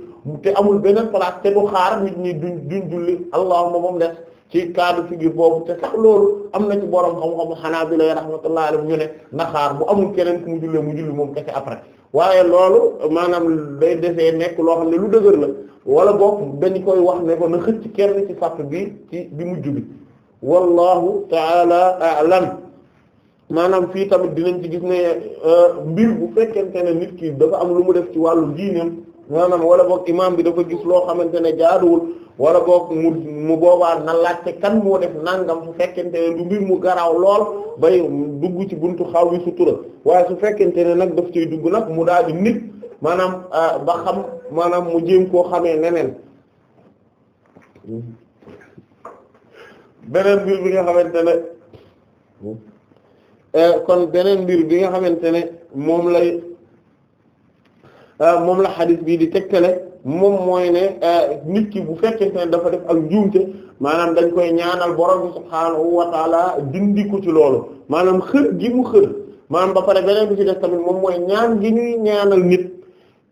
te amul beneen place te du xaar nit ñi duñ duñ julli allahumma ba mu des ci cadre figure boobu te sax loolu am na ci borom xam-xam xanaa bi lay rahmatullahi alayhi ñu ne na xaar bu amul keneen ku mu jullee mu julli moom kese après waaye loolu maanaam day defee nekk loo xam ne lu dëgër la wala boog dañ koy wax ne ko na xëcc kenn ci fàq bi ci bi mujj bi wallahu taala a'lam maanaam fii tamit dinañ ci gis ne euh, mbir bu fekkente ne nit ki dafa am lu mu def ci wàllu diineem maanaam wala boog imaam bi dafa gis loo xamante ne jaaduwul wala boog mu mu boobaa na laajte kan moo def nangam su fekkente ne du mbir mu garaaw lool bay dugg ci buntu xaw wi sutura waaye su fekkente ne nag daf ciy dugg nag mu daal di nit maanaam ah, ba xam maanaam mu jéem koo xamee neneen beneen mbir bi nga xamante ne eh, kon beneen mbir bi nga xamante ne moom lay Euh, moom la xadis bii di tegtale moom mooy ne euh, nit ki bu fekkente ne dafa def ak njuumte maanaam dañ koy ñaanal borom bi subhaanahu wa taala ko ci loolu maanaam xër gi mu xër maanaam ba pare beneen bi ci def tamit moom mooy ñaan gi ñuy ñaanal nit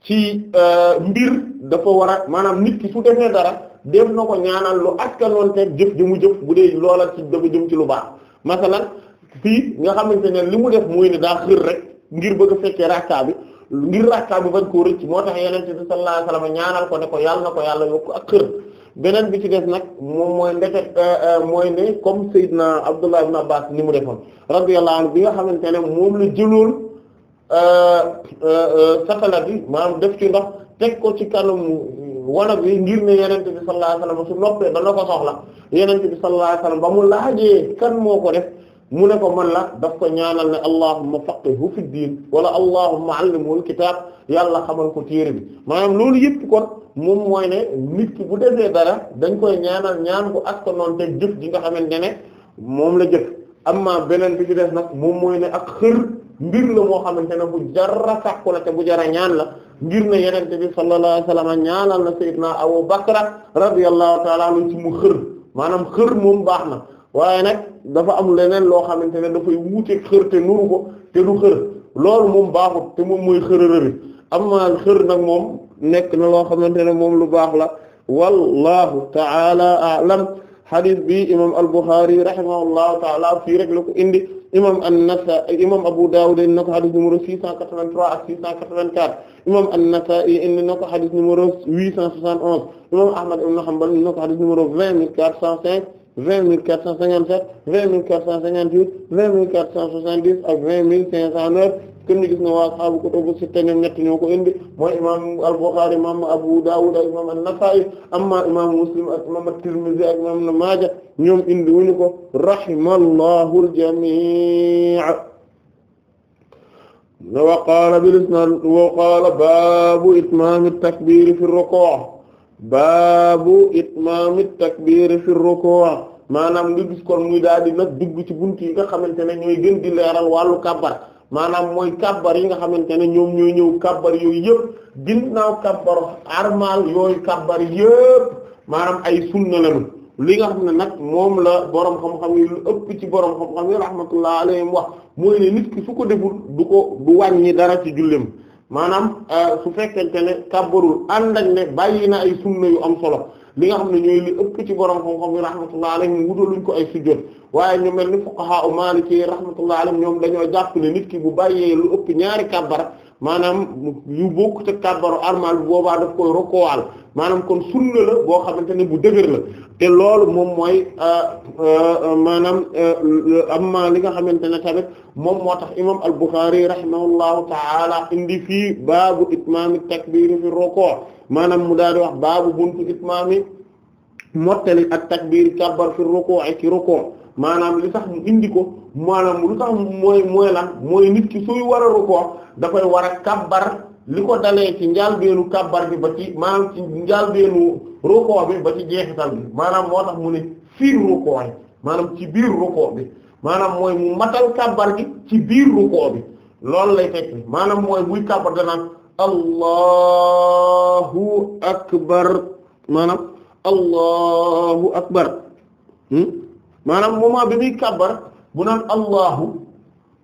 ci euh, mbir dafa war a maanaam nit ki su defee dara def na ko ñaanal lu askanoon teg jëf ji mu jëf bu dee loola ci dafa jëm ci lu baax masalan fii nga xamante ne li mu def mooy ne daa xër rek ngir bëgg a fekkee rakka bi ngir rakkaa bi ba koo rëcc moo tax yeneen bi sallallahu alayhi wasallam ñaanal ko ne ko yàlla na ko yàlla yokk ak xër beneen bi ci des nag moom mooy ndeket euh, euh, mooy ne comme Seydina Abdullah ibn Abbas ni mu defoon radiyallahu anhu bi nga xamante ne moom la jëloon euh, satala bi def ci ndox teg ko ci mu wala bi ngir ne yenente bi sallallahu alayhi wasallam su noppee dana ko soxla yenente bi sallallahu ba mu laajee kan moo ko def mu ne ko man la daf ko ñaanal ne allahumma faqihhu fi diin wala allahumma allimhu alkitaab yàlla xamal ko téere bi maanaam loolu yëpp kon moom mooy ne nit ki bu defee dara dañ koy ñaanal ñaan ko ak ko noonu te jëf ji nga xamante ne moom la jëf amma beneen bi ci def nag moom mooy ne ak mbir la moo xamante ne bu jara sàkku la te bu jara ñaan la ngir ne yenente bi sallallahu alayhi wasallam ñaanal na sayyidna Abu Bakr radiyallahu ta'ala anhu ci mu xër maanaam xër moom baax na waaye nag dafa am leneen loo xamante ne dafay wuuteeg xër te nuru ko te du xër loolu moom baaxut te moom mooy xërërëri amma xër nag moom nekk na loo xamante ne moom lu baax la wallahu taala a'lam hadith bi imam al-Bukhari rahimahullahu taala fii rek la ko indi imam an-Nasa'i imam Abu Dawud indi na ko hadith numéro 683 ak 684 imam an-Nasa'i indi na ko hadith numéro 871 imam Ahmad ibn Hanbal vingt mille quatre cent cinquante sept vingt mille quatre cent cinquante huit vingt mille quatre cent soixante dix ak vingt mille cinq cent neuf kon ñu gis ne waa ashaabu kutubu sitta ñoom ñett ñoo ko indi mooy imam al-Bukhari imam Abu Dawud ak imam an-Nasa'i amma imam Muslim ak imam at-Tirmidhi ak imam Ibn Maaja ñoom indi wuñu ko rahimallahu al-jami' wa qaala bil isnaad wa qaala baabu itmaam at-takbiir fi ar-ruku' baabu itmaami takbiir fi rukuu maanaam nga gis kon muy daal di nag dugg ci bunt yi nga xamante ne ñooy gën di leeral wàllu kabbar maanaam mooy kabbar yi nga xamante ne ñoom ñooy ñëw kabbar yooyu yëpp ginnaaw kabbar armal yooyu kabbar yëpp maanaam ay sunna lañu li nga xam ne nag moom la borom xam-xam lu ëpp ci borom xam-xam yi rahmatullah alayhim wax mooy ne nit ki su ko deful du ko du wàññi dara ci jullem maanaam euh, su fekkente ne kàbbarul ànd ak ne bàyyi na ay sunna yu am solo li nga xam ne ñooy li ëpp ci borom xam-xam yi rahmatullahi alayhim wutaluñ ko ay sujjóot waaye ñu mel ni fuqaha u maliki rahmatullahi alayhim ñoom dañoo jàpp ne nit ki bu bàyyee lu ëpp ñaari kàbbara maanaam yu bokk te kàbbaru armal bu boobaa def koy rokkowaal maanaam kon sunna boo xamante ne bu dëgër la te loolu moom mooy euh, euh, maanaam euh, amma li nga xamante ne tamit moom moo tax imam al-Bukhari rahimahullahu ta'ala indi fii baabu itmaami takbiri fi rukoo maanaam mu daal di wax baabu buntu itmaami mottali ak takbiri kàbbar fi rukoo ak ci rukoo maanaam li tax mu indi ko maanaam lu tax mooy mooy lan mooy nit ki suy war a dafay war a kabbar li ko dalee ci njaalbeenu kabbar bi ba ci maanaam ci njaalbeenu ba ci jeexital maanaam moo tax mu ne fiir rukkoo yi maanaam ci biir maanaam mooy mu matal kabbar gi ci biir rukkoo bi loolu lay fekk maanaam mooy buy kabbar danaan allahu akbar maanaam allahu akbar hmm? maanaam moment bi muy kàbbar bu naan allahu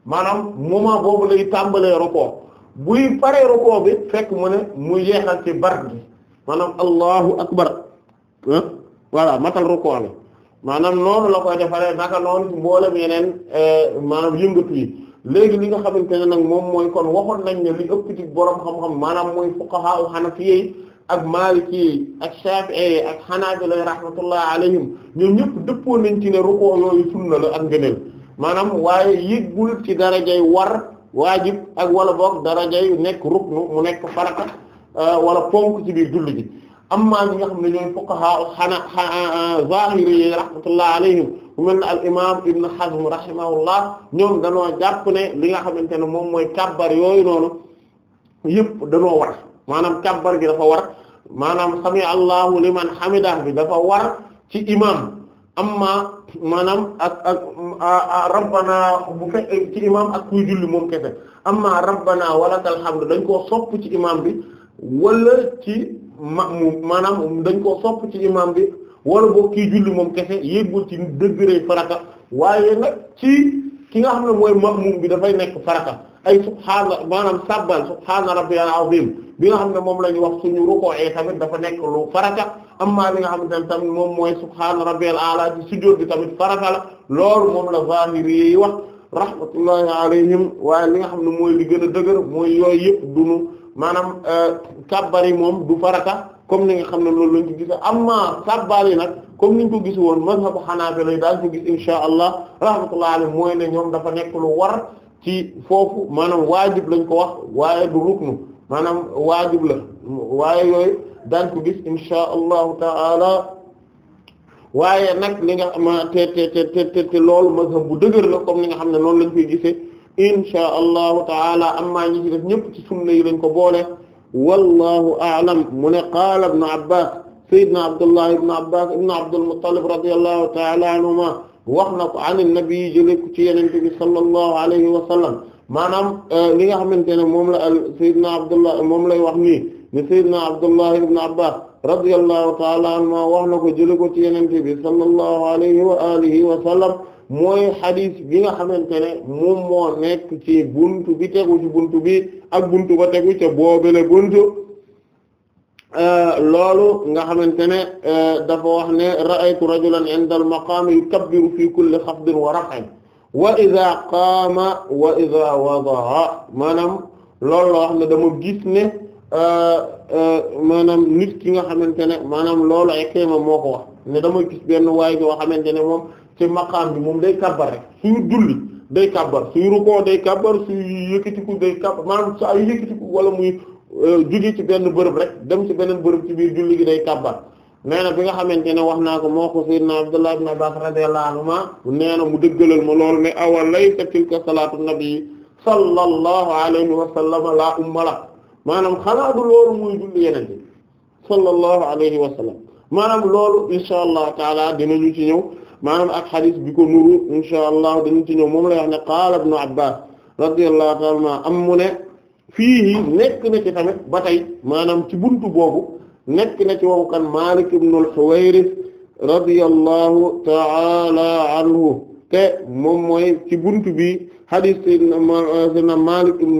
maanaam moment boobu lay tàmbalee rukoo buy paree rukoo bi fekk mu ne mu yeexal ci bar gi maanaam allahu akbar voilà matal rukoo la maanaam noonu la koy defaree naka noonu ci mboolem yeneen eh, maanaam yëngatu yi léegi li nga xamante ne nag moom mooy kon waxoon nañ ne li ëpp ci borom xam-xam maanaam mooy fuqaha u hanafiyyi ak Maliki ak Shafi'i ak Hanabila rahmatullah alayhim ñoom ñëpp dëppoo nañ ci ne rukkoo yooyu sunna la ak ngëneel maanaam waaye yëggul ci darajay war waajib ak wala boog darajay nekk ruknu mu nekk farata euh, wala ponk ci biir julli ji amma ñi nga xam ne ñooy fuqaha xana euh, zahiri yi rahmatullah alayhim mu mel ne al imam ibn Hazm rahimahullah ñoom danoo jàpp ne li nga xamante ne moom mooy kabbar yooyu noonu yëpp danoo war maanaam kabbar gi dafa war maanaam sami allahu liman hamidah bi dafa war ci imam amma maanaam ak ak rabbana bu fekk ci imam ak kuy julli moom kese amma rabbana walakal hamdu dañ koo sopp ci imam bi wala ci ma'mum maanaam dañ koo sopp ci imam bi wala boo kii julli moom kese yéggul ci degré faraka waaye nag ci ki nga xam ne mooy ma'mum bi dafay nekk faraka ay subhaana maanaam sabbal subhaana rabbiyal azim bi nga xam ne moom la ñu wax suñu ruko tamit dafa nekk lu farata amma li nga xamante ne tamit moom mooy subhaana rabbiyal a'la ci sujjóot bi tamit farata la moom la zahiri yi wax rahmatullahi alayhim li nga xam ne mooy li gën a dëgër mooy yooyu yëpp dunu maanaam euh, kàbbar yi moom du farata comme ni nga xam ne loolu lañ ko gis amma sabbal yi nag comme niñ ko gis woon mazhabu Hanaabila lay daal ko gis insha allah rahmatullahi alayhim mooy ne ñoom dafa nekk lu war ci foofu maanaam waajib lañ ko wax waaye du ruknu maanaam waajib la waaye yooy daan ko gis insha allahu taala waaye nag li nga ma te te te te loolu mazhab bu dëgër la comme ni nga xam ne noonu lañ koy gisee insha allahu taala amma ñi ci def ñëpp ci sunna yi lañ ko boole wallahu a'lam mu ne qaala ibn abbas sayyidna abdullah ibn abbas ibn abdul muttalib radiyallahu taala anhuma wax na ko an nabi jële ko ci yenente bi sallallahu alayhi wa sallam maanaam euh, li nga xamante ne moom la al sayyidna abdullah moom lay wax nii ne sayyidna abdullah ibn abbas radiyallahu taala anhuma wax na ko jële ko ci yenente bi sallallahu alayhi wa alihi wa sallam mooy xadis bi nga xamante ne moom moo nekk ci buntu bi tegu ci buntu bi ak buntu ba tegu ca boobele buntu Euh, loolu nga xamante ne euh, dafa wax ne ra'aytu rajulan inda al-maqaam yukabbiru fi kulli xafdin wa raf'in wa idha qaama wa idha wada'a maanaam loolu la wax ne dama gis ne euh, maanaam nit ki nga xamante ne maanaam loolu ay xeema moo ko wax ne dama gis benn waay boo xamante ne moom ci maqaam bi moom day kàbbar rek suy julli day kàbbar suy rukoo day kàbbar suy yëkkatiku day kàbbar maanaam saa yu yëkkatiku wala muy Euh, jugi ci benn bërëb rek dem ci beneen bërëb ci biir julli gi day kàbbar nee bi nga xamante ne wax naa ko moo ko sayyidna Abdullah ibn Abbas radiyallahu anhuma nee na mu dëggalal ma loolu ne awa laysa tilka salaatu nabi sallallahu alayhi wa sallam la umma la maanaam xanaa du loolu muy julli yeneen bi sallallahu alayhi wa sallam maanaam loolu insha allah taala dinañu ci ñëw maanaam ak xadis bi ko nuru insha allah dinañu ci ñëw moom lay wax ne qaala ibn Abbas radiyallahu ta'ala am mu ne fii nekk na ci tamit ba tey maanaam ci buntu boobu nekk na ci waw kan Maalik ibn al-Huwayrith radiyallahu ta'ala anhu te moom mooy ci buntu bi hadith sayyidina Maalik ibn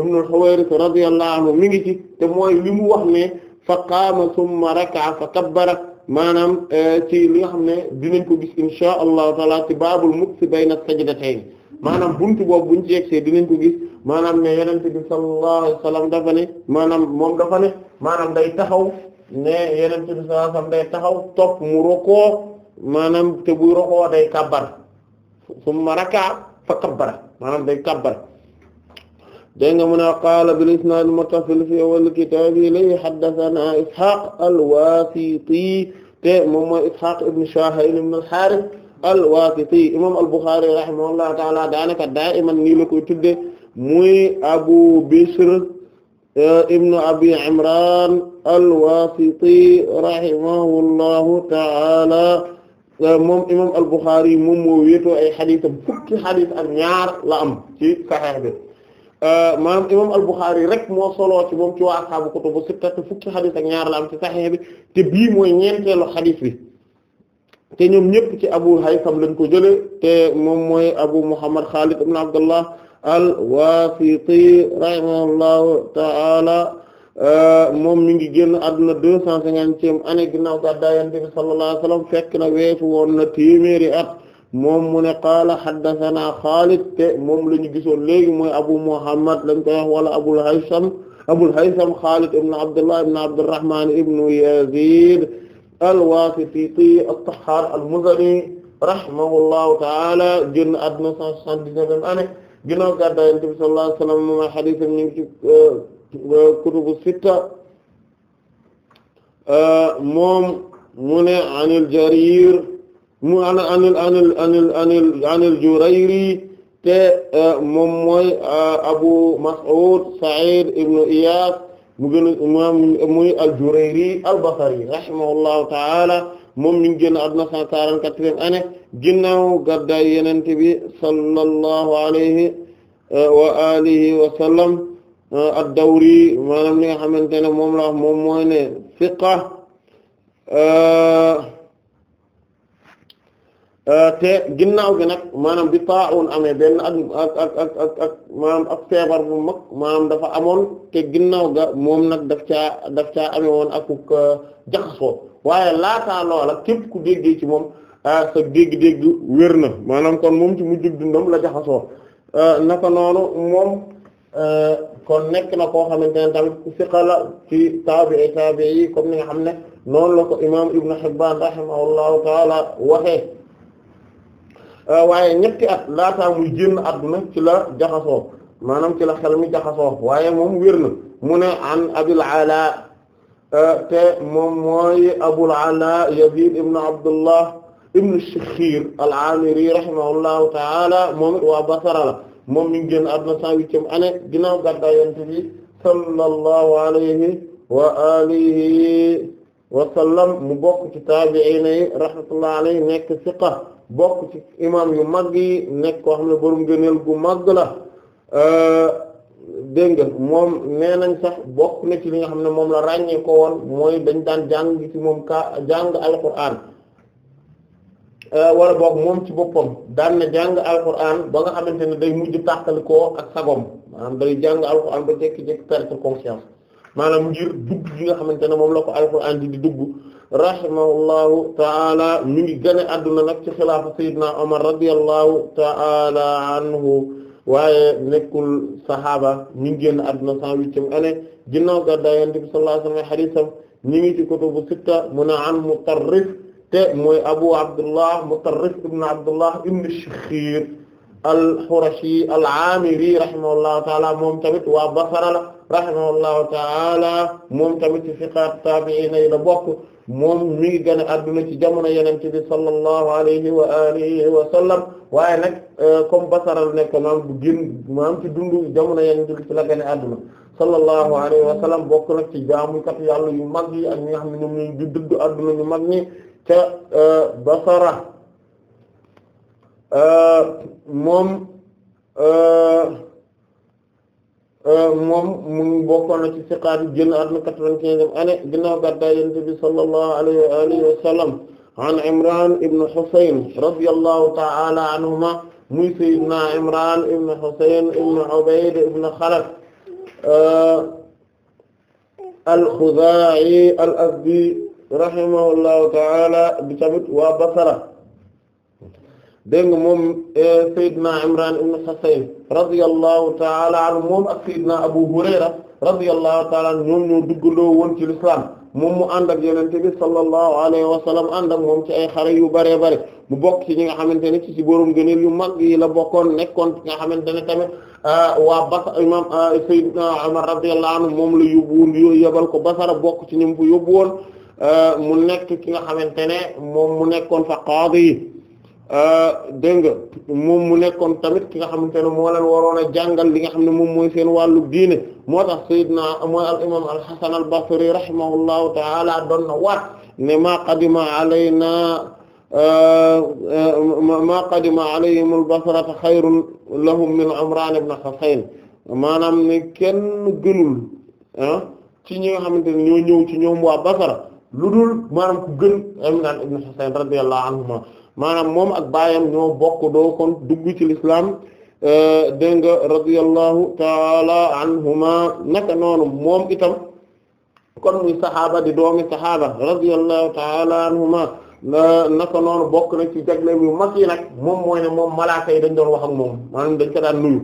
ibn al-Huwayrith radiyallahu anhu mi ngi ci te mooy li mu wax ne fa qaama thumma raka'a fa kabbara maanaam eh, ci li nga xam ne dinañ ko gis insha allahu taala ci baabul mukth bayna sajdatayn maanaam buntu boobu buñ ci yegsee dinañ ko gis maanaam ne yenente bi sallallahu alayhi dafa ne maanaam moom dafa ne maanaam day taxaw ne yenente bi sallallahu day taxaw topp mu rokoo maanaam te buy rokoo day kabbar summa raka fa kabbara maanaam day kabbar dégg nga mu ne qaala bil isnaad muttasil fi awwal kitaab li haddathana Ishaaq al te moom mooy Ishaaq ibn Shaahiin ibn al al imam al-Bukhari rahimahullahu taala daanaka daiman nii la koy tudde muy Abu Bishr eh, ibnu Abi Imran al-Waaqidi rahimahullahu taala eh, moom imam al-Bukhari moom moo wéetoo ay xadisam fukki xadis ak ñaar la am ci Sahih bi eh, maanaam imam al-Bukhari rek moo soloo ci moom ci waa ashaabu kutubu sitta fukki xadis ak ñaar la am ci Sahih bi te bii mooy ñeenteelu xadis bi te ñoom ñëpp ci Abu Haysam lañ ko jële te moom mooy Abu Muhammad Khalid ibn Abdullah al-Wasiti rahimahullahu ta'ala moom mi ngi génn àdduna deux cent cinquantième année ginnaaw gàddaay Yonent bi sallallahu alayhi wa sallam fekk na weesu woon na téeméeri at moom mu ne qaala haddathana Khalid te moom la gisoon léegi mooy Abu Muhammad lañ koy wax wala Abu Haysam Abu Haysam ibn Abdullah ibn Abdurrahman ibn Yazid al-Wasiti at-Tahhar al-Muzani rahimahullahu ta'ala génn àdduna 179 année ginnaaw gàddaay Yonent bi sallallahu alayhi wa sallam moom hadiis am ñu ngi ci euh, euh, kutubu sitta euh, moom mu ne anil Jarir mu ana anil anil anil anil anil Jurayri te moom mooy Abu Mas'ud Sa'id ibn Iyas mu gën a maam muy al-Jurayri al-Basri rahimahullahu ta'ala moom mi ngi génn àdduna 144e année ginnaaw gàddaay Yonent bi sallallahu alayhi euh, wa alihi wa sallam euh, ad-Dawri maanaam li nga xamante ne moom la wax moom mooy ne fiqa euh, Euh, te ginnaaw gi nag maanaam bi taa'un amee benn ak ak ak feebar bu mag maanaam dafa amoon te ginnaaw ga moom nag daf caa daf caa amee woon ak euh, jaxasoo waaye laataa loola képp ku déggee ci moom euh, sa dégg-dégg wér na maanaam kon moom ci mujjug dundam la jaxasoo naka noonu moom kon nekk na koo xamante ne tamit ku siqa la ci taabi'i taabi'i yi comme ni nga xam ne noonu la ko imaam Ibn Hibbaan rahimahullahu taala waxee. Euh, waaye ñetti at laataa muy génn adduna ci la jaxasoo maanaam ci la xel mi jaxasoo waaye moom wér na mu ne an abil ala euh, te moom mooy abul ala yazid ibn abdullah ibn shikhir al amiri rahimahullahu taala moom it waa basara la moom mi ngi ginnaaw gàddaa yonent bi sallallahu alayhi wa mu bokk ci taabi'in yi rahmatullahi alayhi nekk siqa bokk ci imam yu mag yi nekk koo xam ne borom gëneel gu mag la euh, dégg nga moom nee nañ sax bokk na ci li nga xam ne moom la ràññee ko woon mooy dañ daan jàng ci moom ka jàng alquran euh, wala boog moom ci boppam daan na jàng alquran ba nga xamante ne day mujj tàqali ak sagom maanaam day jàng alquran ba jekki-jekki perte conscience maanaam ngir dugg yi nga xamante ne moom la ko alquran di di dugg rahimahullahu ta'ala mi ngi gane adduna nag ci xilaafa sayyidina Umar radiyallahu ta'ala anhu waaye nekkul saxaaba mi ngi génn adduna cent huitième année ginnaaw gàddaay Yonent bi sallallahu alayhi wa sallam hadiisam ñi ngi ci kutubu sitta mu ne an Mutarrif te mooy Abu Abdullah Mutarrif ibn Abdullah ibn Shikhkhir al-Qurashi al-Amiri rahimahullahu ta'ala moom tamit waa Basra la rahimahullahu ta'ala moom tamit ci siqaat taabi'iin yi la bokk moom mi ngi gën adduna ci jamono yenente bi sallallahu alayhi wa alihi wa sallam waaye nag euh, comme basaral nekk maam bu gën maam ci dundu jamono yenente bi ci la gën a adduna sallallahu alayhi wa sallam bokk nag ci jaamukat yàlla yu mag yi ak ñi nga xam ne ñoom ñoy di dëdd adduna ñu mag ñi euh, basara euh, moom Euh, moom mu bokkoon na ci siqaat yi génn àdduna quatre-vingt-quinzième année ginnaaw gàddaay Yonent bi sallallahu alayhi wa alihi wa sallam an Imran ibn Husayn radiyallahu ta'ala anhuma muy sayyidina Imran ibn Husayn ibn Ubayd ibn Khalaf euh, al-Khuzaa'i al-Azdi rahimahullahu ta'ala bi tamit waa Basra dégg nga moom eh, Seydina Imran ibn Husayn radiyallahu ta'ala anhu moom ak Seydina Abu Hurayra radiyallahu ñoom ñoo duggandoo woon ci l'islam moom mu ànd ak yonent bi sallallahu alayhi wa sallam ànd ak moom ci ay xare yu bare bare mu bokk ci ñi nga xamante ne ci ci boroom gëneel yu mag yi la bokkoon nekkoon ci nga xamante ne tamit eh, waa Basra imam eh, Seydina Umar radiyallahu anhu moom la yóbbu woon yooyu yebal ko Basra bokk ci ñi mu fa yóbbu woon mu nekk ki nga xamante ne moom mu nekkoon fa qaadi Euh, dégg nga moom mu nekkoon tamit ki nga xamante ne moo leen waroon a li nga xam ne moom mooy seen wàllu diine moo tax Seydina mooy al imam al Hasan al Basri rahimahullahu ta'ala doon na waat ne ma qadima alayna euh, euh, ma qadima alayhim al basrata xayrun lahum min Imran ibn Husayn maanaam ne kenn gënul ah, ci ñi nga xamante ne ñoo ñëw ci ñoom waa Basra lu dul maanaam ku gën Imran ibn Husayn radiyallahu anhuma maanaam moom ak baayam ñoo bokk doo kon dugg ci lislaam euh, dégg nga radiyallahu taala anhuma naka noonu moom itam kon muy saxaaba di doomi saxaaba radiyallahu taala anhuma naka noonu bokk na ci jagleem yu mag yi nag moom mooy ne moom malaaka dañ doon wax ak moom maanaam dañ ko daan nuyu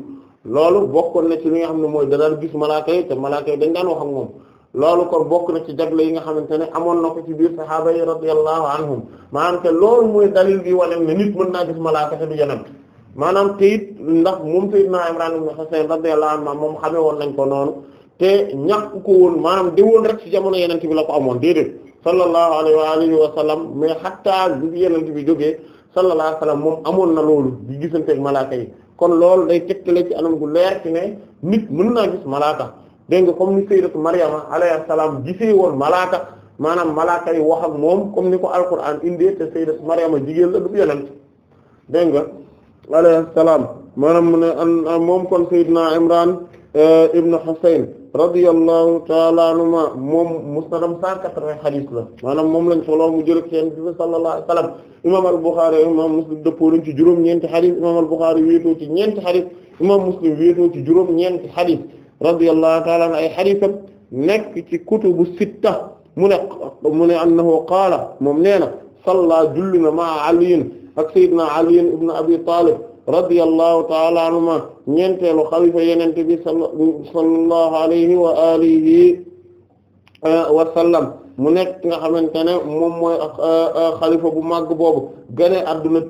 loolu bokkoon na ci li nga xam ne mooy da daan gis malaaka te malaaka dañ daan wax ak moom loolu kon bokk na ci jagle yi nga xamante ne amoon na ko ci biir sahaaba yi radiyallahu anhum maanaam te loolu mooy dalil bi wane ne nit mën naa gis malaaka te du yonent maanaam te it ndax moom sayyidna Imran ibn Husayn radiyallahu anhu moom xamee woon nañ ko noonu te ñàkk ko woon maanaam de rek ci jamono yenent bi la ko amoon déedéet sallallahu alayhi wa alihi mais xattaa bi yenent bi jógee sallallahu alayhi wa sallam moom amoon na loolu di gisanteeg malaaka yi kon loolu day tekkale ci anam gu leer nit mën naa gis dégg nga comme ni sayyidatu Maryama alayhi salaam gisee woon malaaka maanaam malaaka yi wax ak moom comme ni ko alquran indee te sayyidatu Maryama jigéen la du yonent dégg nga alayhi salaam maanaam mu an moom kon sayyidina Imran eh, ibn Husayn radiyallahu ta'ala anhuma moom musnadam 180 hadith la maanaam moom lañ solo mu jël ci Yonent bi sallallahu alayhi wa sallam imam al-Bukhari imam Muslim dëppoo nañ ci juróom-ñeenti hadith imam al-Bukhari wéetoo ci ñeenti hadith imam Muslim wéetoo ci juróom radiyallahu ta'ala anhu ay xadiisam nekk ci kutubu sitta mu ne mu ne annahu qaala moom nee na salla julli na maa aliin ak sayyidina aliin ibn abi talib radiyallahu ta'ala anhuma ñeenteelu xalifa yenente bi sallallahu alayhi wa alihi eh, wa sallam mu nekk nga xamante ne moom mooy eh, eh, xalifa bu màgg boobu gane adduna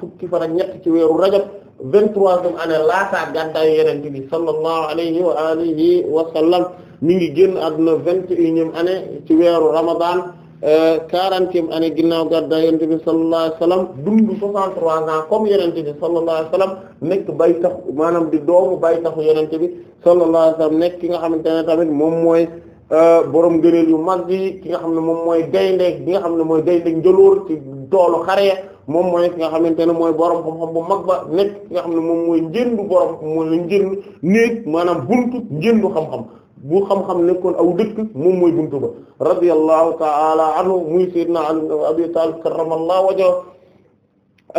fukki fan ak ñett ci weeru rajab vingt-troisième année laataa gàddaay yenente bi sallallahu alayhi wa alihi wa sallam mi ngi génn àdduna vingt et unième année ci weeru ramadan euh, quarantième année ginnaaw gàddaay yenente bi sallallahu alayhi wa sallam dund soixante-trois ans comme yenente bi sallallahu wa sallam nekk bay tax maanaam di doomu bay taxu yenente bi sallallahu wa sallam nekk ki nga xamante ne tamit moom mooy Euh, borom gëneel yu mag yi ki nga xam ne moom mooy gaynde ki nga xam ne mooy gaynde njëloor ci toolu xare moom mooy ki nga xamante ne mooy borom xam-xam bu mag ba nekk ki nga xam ne moom mooy njëndu borom mooy njënd néeg maanaam buntu njëndu xam-xam bu xam-xam nekkoon aw dëkk moom mooy buntu ba radiyallahu ta'ala anhu muy sayyidina Ali ibn Abi Talib karramallahu wajhahu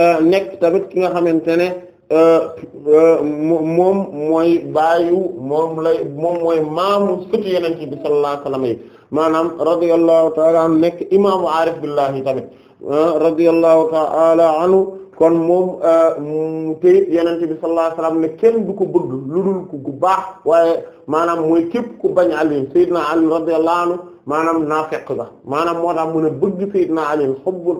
euh, nekk tamit ki nga xamante ne. Euh, euh, moom mooy baayu moom lay moom mooy maamu sët yeneen ci bi sallallahu alayhi wa sallam yi maanaam radiyallahu ta'ala anhu nekk imaamu aarif billahi tamit euh, radiyallahu ta'ala anhu kon moom te it yeneen bi sallallahu alayhi wa sallam ne kenn du ko bëgg lu dul ku baax waaye maanaam mooy képp ku bañ Ali Seydina Ali radiyallahu anhu maanaam naafeq la maanaam moo tax mu ne bëgg Seydina Ali xubbu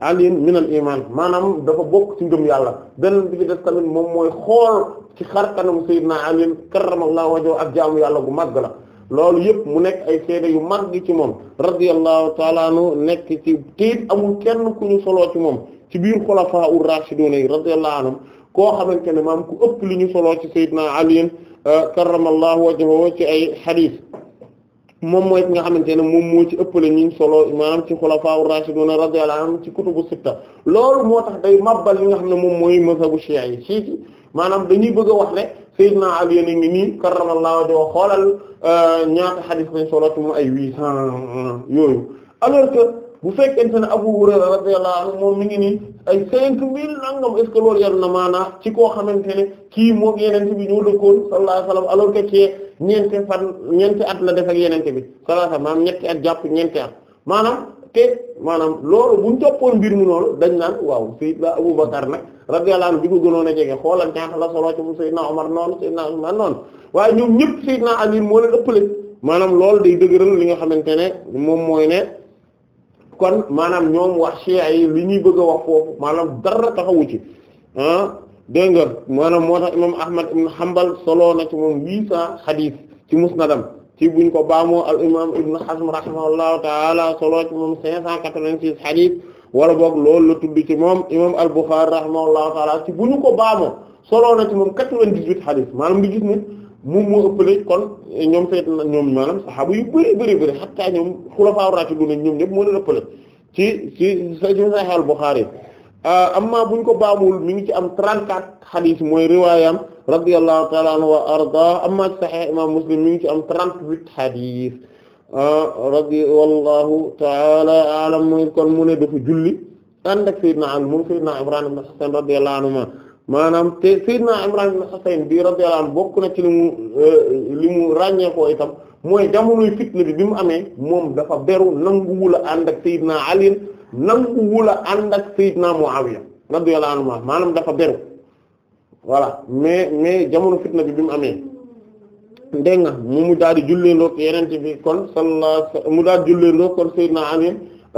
alin minal iman maanaam dafa bokk ci ngëm yàlla benn bi ci def tamit moom mooy xool ci xar kanam sayyidina alin karramallahu wajhu ak jaamu yàlla gu màgg la loolu yëpp mu nekk ay seede yu màgg ci moom radiyallahu ta'ala anhu nekk ci tiit amul kenn ku ñu soloo ci moom ci biir xulafaa ur rashidun yi radiyallahu anhum koo xamante ne maam ku ëpp lu ñu soloo ci sayyidina alin karramallahu wajhu ci ay hadith moom mooy ki nga xam ne moom moo ci ëppale ñu solo maanaam ci xulafaa rashiduna radiyallahu anhum ci kutubu sitta loolu moo tax day mabbal li nga xam ne moom mooy mazhabu shi'a yi ci maanaam dañuy bëgg a wax ne sayyidina Ali na ngi nii karramallahu wajhahu xoolal euh, ñaata xadiis lañ solo ci moom ay huit cent yooyu alors que bu fekkente ne Abu Hurayra radiyallahu anhu moom mi ngi nii ay cinq mille nangam est ce que loolu yar na maanaa ci koo xamante ne kii moo yenente bi ñoo dëkkoon sallallahu alayhi wasallam alors que kee ñeenti fan at la def ak yenente bi sallallahu alayhi wasallam maanaam ñetti at jàpp ñeenti at maanaam te maanaam loolu buñ toppoon mbir mu noonu dañ naan waaw Seydina Abu Bakar nag radiyallahu anhu bi ko gënoon a jege xoolal ñaata la solo ci mu Seydina Omar noonu Seydina Usman noonu waaye ñoom ñëpp Seydina Ali moo leen ëppale maanaam loolu day dëgëral li nga xamante ne moom mooy ne kon maanaam ñoom wax chia yi li ñuy bëgg a wax foofu maanaam dara taxawu ci ah dégg nga maanaam moo tax imam ahmad ibn hanbal solo na ci moom huit cent xadis ci musnadam ci buñ ko baamoo al imam ibn hazm rahimahullahu taala solo ci moom cinq cent quatre-vingt-six xadis wala boog loolu la tudd ci moom imam al bukhari rahimahullahu taala ci buñu ko baamoo solo na ci moom quatre-vingt-dix-huit xadis maanaam di ne mu moo ëppale kon ñoom sayt ñoom maanaam saxaaba yu bëri bëri bëri xataa ñoom xulafaa raashidun ñoom ñëpp moo leen ci ci ci Sahih al-Bukhari euh, amma buñ ko baamul mu ngi ci am 34 xadis mooy riwaayam radiyallahu ta'ala anhu wa arda amma ci Muslim mi ngi ci am 38 xadis euh, radi wallahu ta'ala a'lam mooy kon mu ne dafa julli ànd ak Sayyidina Ali moom Sayyidina Imran ibn Husayn radiyallahu anhuma maanaam te Seydina Imran ibn Husayn bi radiyallahu anhu bokk na ci li mu euh, li mu ràññeekoo itam mooy jamonoy fitna bi bi mu amee moom dafa beru nanguwul a ànd ak Seydina alin nanguwul wula ànd ak Seydina Muawiya radiyallahu anhu maanaam dafa beru voilà mais mais jamono fitna bi bi amee dégg nga mu mu daal di jullee ndoog bi kon mu daal di jullee ndoog kon Seydina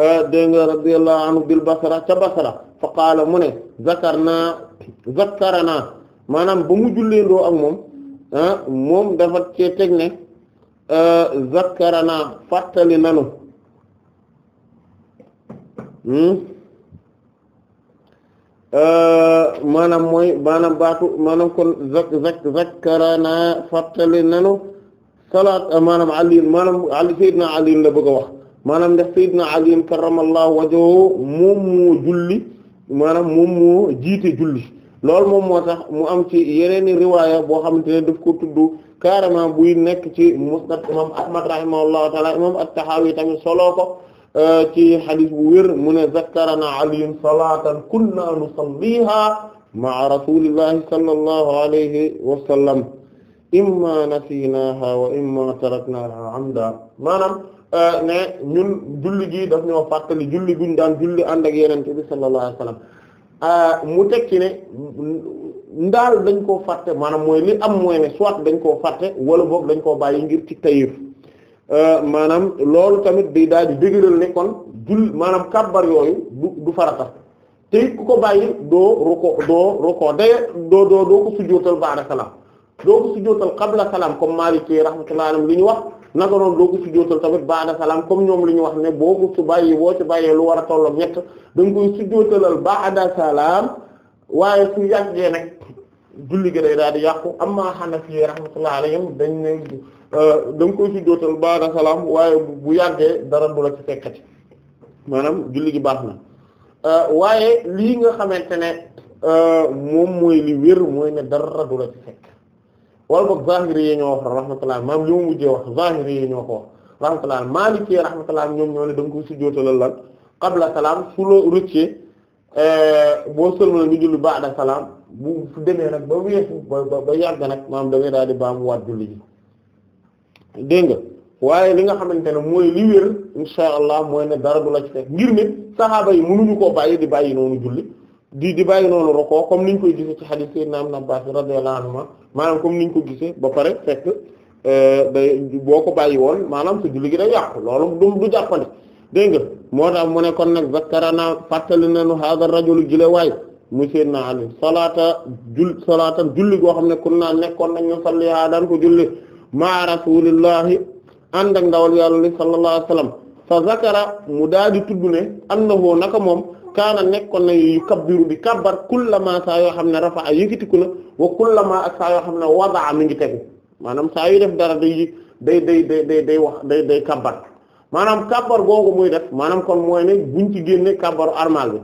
Ah, dégg nga radiyallahu anhu bil basra ca basra fa qaala mu ne zakarnaa zakkaranaa maanaam ba mu julleendoo ak moom ah, moom dafa cee teg ne ah, zakkaranaa fàttali nanu hmm? maanaam mooy maanaam baatu maanaam kon zak zak zakkaranaa nanu salaat maanaam ali maanaam ali sayyidina ali la bëgg a wax maanaam ndax Seydina Ali karramallahu wajhahu moom moo julli maanaam moom moo jiite julli loolu moom moo tax mu am ci yeneeni riwaaya boo xamante ne daf ko tudd carrément buy nekk ci musnad imam Ahmad rahimahullahu taala imam at-Tahawi tamit soloo ko euh, ci xadis bu wér mu ne zakkarana aliyun salatan kunna nusalliha ma'a rasulillahi sallallahu alayhi wa sallam imma nasinaha wa imma taraknaha amda maanaam Euh, ne ñun julli gi daf ñoo fàttali julli guñ daan julli ànd ak yeneen bi sallallahu alayhi wa sallam euh, mu tekki ne ndaal dañ koo fàtte maanaam mooy li am mooy ne soit dañ koo fàtte wala boog dañ koo bàyyi ngir ci tayif euh, maanaam loolu tamit di daal di dëgëral ne kon jull maanaam kàbbar yooyu du du farata te ku ko bàyyi doo ruko doo ruko day doo doo doo ko sujjóotal ba'da salaam doo ko sujjóotal qabla salaam comme Maalik rahmatullahi alayhi li ñu wax naka noonu doo ko sujjóotal tamit baada salaam comme ñoom li ñu wax ne boo su bàyyi woo ci bàyyee lu war a tolloog ñett da nga koy sujjóotalal baada salaam waaye su yàggee nag julli di yàqu amma Hanafi dañ ne euh, da nga koy salaam waaye bu yàggee dara du la ci fekkati maanaam julli gi baax na euh, waaye lii nga xamante ne euh, moom mooy li wér mooy ne dara du la ci fekk. wala boog zahiri yi ñoo wax rahmatullah maam li mu mujjee wax zahiri yi ñoo ko wax rahmatullah maliki rahmatullah ñoom ñoo ne da nga ko sujjóotalal lan qabla salaam su loo rëccee eh, boo sëlmal nga julli ba'da salaam bu demee nag ba weesu ba ba nag maam da ngay daal di baam waat julli ji dégg waaye li nga xamante ne mooy li wér insha allah mooy ne dara du la ci fekk ngir ne saxaaba yi mënuñu koo bàyyi di bàyyi noonu julli di di bàyyi noonu roko comme niñ koy gisee ci hadith Seydina Ibn Abbas radiyallahu anhu maanaam comme niñ ko gisee ba pare fekk euh, day boo ko bàyyi woon maanaam su julli gi day yàqu loolu du du jàppandi dégg nga moo tax mu ne kon nag zakarana fàttali nañu hada rajul jile waay mu Seydina Ali salaata jul salaata julli goo xam ne kun naa nekkoon nañ ñu salli haa daan ko julli ma rasulillahi ànd ak ndawal yàlla sallallahu alayhi wasallam fa zakara mu daal di tudd ne annahu naka moom. kaana nekkoon na yukabbiru di kabbar kullama saa yoo xam ne rafa'a yëkkatiku na wa la ak saa yoo xam ne wada'a mi ngi tegu maanaam saa yu def dara day day day day day wax day day kabbar maanaam kabbar googu muy def maanaam kon mooy ne ci génne kabbaru armal bi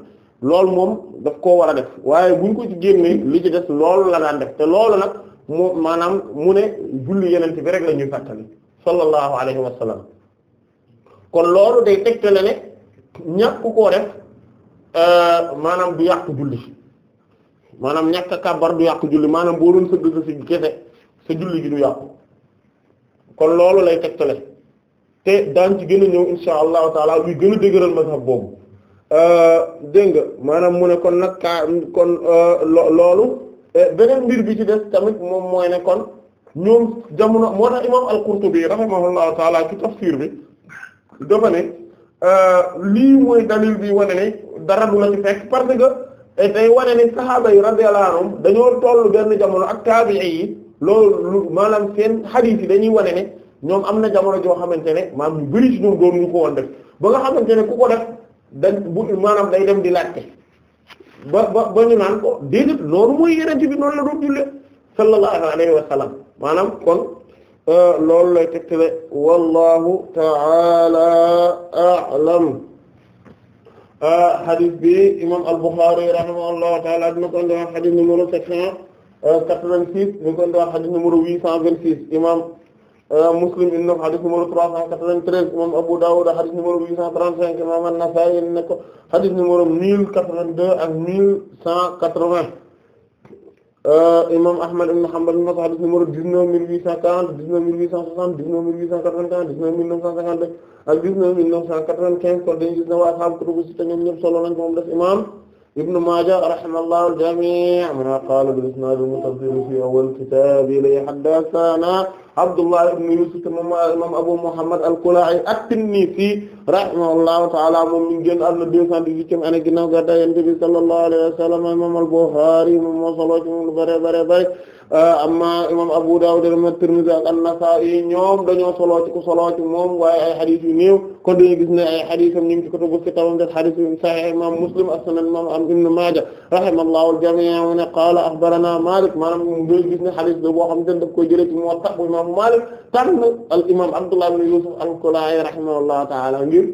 loolu moom daf koo war a def waaye buñ ko ci génne li ci des loolu la daan def te loolu nag mu maanaam mu ne julli yeneen bi rek la ñuy fàttali sallallahu alayhi wa sallam kon loolu day tegtale ne ñàkk koo def. Euh, maanaam du yàq julli maanaam ñàkk a kàbbar du yàq julli maanaam boo doon sëgg sa si kese sa julli gi du yàqu kon loolu lay tegtale te daan ci gën a ñëw insha allahu taala luy gën a dëgëral mazhab boobu euh, dégg nga maanaam mu ne kon nag kaa kon euh, loolu eh, beneen mbir bi ci des tamit moom mooy ne kon ñoom jamono moo tax imam al-Qurtubi rahimahullahu taala ci tafsir bi dafa ne Euh, lii mooy dalil bi wane ne dara du la ci fekk parce que tey wane ne saxaaba yi radiyallahu anhum dañoo toll benn jamono ak taabi'i yi loolu maanaam seen xadiis yi dañuy wane ne ñoom am na jamono joo xamante ne maam ñu bari ci ñoom ba nga xamante ne ku ko def dañ maanaam day dem di laajte ba ba ba ñu naan ko déedéet loolu mooy yeneen ci bi noonu la doon jullee sallallahu alayhi wa maanaam kon. Ah, loolu lay tegtale wallahu ta'ala a'lam ah, hadith bi imam al-Bukhari rahimahullahu ta'ala a ko indi hadith numéro sept cent ah, quatre-vingt-six dina ko indi hadith numéro huit cent vingt-six imam Muslim inna ko hadith numéro trois cent quatre-vingt-treize imam Abu Dawud hadith numéro huit cent trente-cinq imam an-Nasa'i inna ko hadith numéro mille quatre-vingt-deux ak mille cent quatre-vingts Euh, imam Ahmad ibn Hanbal moo ko xadis numéro 19840 19860 19881 19952 ak 19995 kon dañu gis ne waa sahabu kutubu sitta ñoom ñëpp solo lañ ko moom def imam Ibn Maaja rahimallahu al-jamii' man qaala bil isnaad al-muttasil fi awwal kitaab li haddathana Abdullah ibn Yusuf te moom moom Abu Muhammad al-Kala'i at-Tinnisi rahimahullahu ta'ala moom mi ngi génn àdduna deux cent dix-huitième année ginnaaw gàddaay Yonent bi sallallahu alayhi wa sallam imam al-Bukhari moom moo solo ci moom lu bare bare bare amma imam Abu Dawud ak Tirmidhi ak an-Nasa'i ñoom dañoo solo ci ku solo ci moom waaye ay xadis yu néew kon dañuy gis ne ay xadisam ñu ngi ci kutubu sitta tawam def xadis yu sahih imam Muslim as-Sunan imam Ibn Majah rahimallahu al-jami' mu ne qaala akhbarana Malik maanaam ñu ngi gis ne xadis la boo xam ne daf koy jëlee ci Muwatta imam imaamu Maalik tànn al imaam Abdullah ibn Yusuf al-Kalaa'i rahimahullahu ta'ala ngir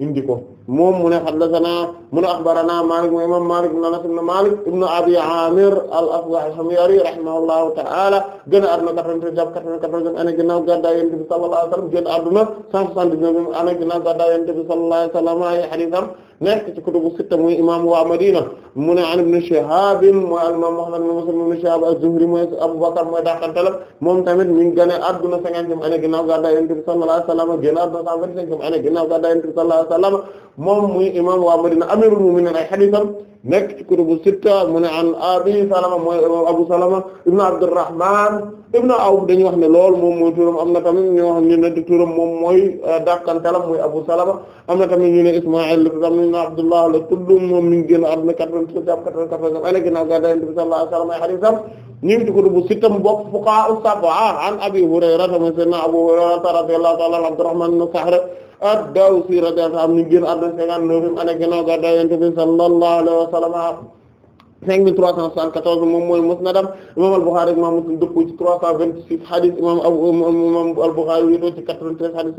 indi ko. moom mu ne haddathana mu ne akhbarana Malik mu imam Malik ibn Anas ibn Malik ibn Abi Amir al-Asbahi al-Himyari rahimahullahu ta'ala gën a adduna 93 jàpp 94 ane ginnaaw gàddaay Yonent bi sallallahu alayhi wa sallam gën a adduna 179 ane ginnaaw gàddaay Yonent bi sallallahu alayhi wa sallam ay haditham nekk ci kutubu sitta muy imam waa Madina mu ne an ibn Shihab mooy al-imam Muhammad ibn Muslim ibn Shihab az-Zuhri mooy Abu Bakr mooy dàqantala moom tamit mi ngi gën a adduna 50 ane ginnaaw gàddaay Yonent bi sallallahu alayhi wa sallam gën a adduna 125 ane ginnaaw gàddaay Yonent bi sallallahu alayhi wa sallam moom muy imam waa Madina amirul mu'minin ay xadiisam nekk ci kutubu sitta mu ne an abi salama mooy abu salama ibnu abdurrahman ibnu awf dañuy wax ne loolu moom mooy turam am na tamit ñu wax ñu ne di turam moom mooy euh, dàkkantalam mooy abu salama am na tamit ñu ne ismail la am na abdullah la tudd moom mi ngi génn àdduna quatre-vingt-sept jàpp quatre-vingt-quatorze année ginnaaw ga dayen bi sallallahu alayhi wasallam ay hadisam ñu ngi ci kutubu sitta mu bokk fuqaha sab'a an abi hurayrata mooy sayyidina abu hurayrata radiyallahu ta'ala an abdurrahman ibn sahr ad-dawsi radiyallahu anhu mi ngi génn àdduna cinquante-neuvième année ginnaaw ga dayen bi sallallahu alayhi Salama 5374 moom mooy musnadam imam al-Bukhari ak imam Muslim dëppoo ci 326 hadith imam Abu imam al-Bukhari wéetoo ci 93 hadith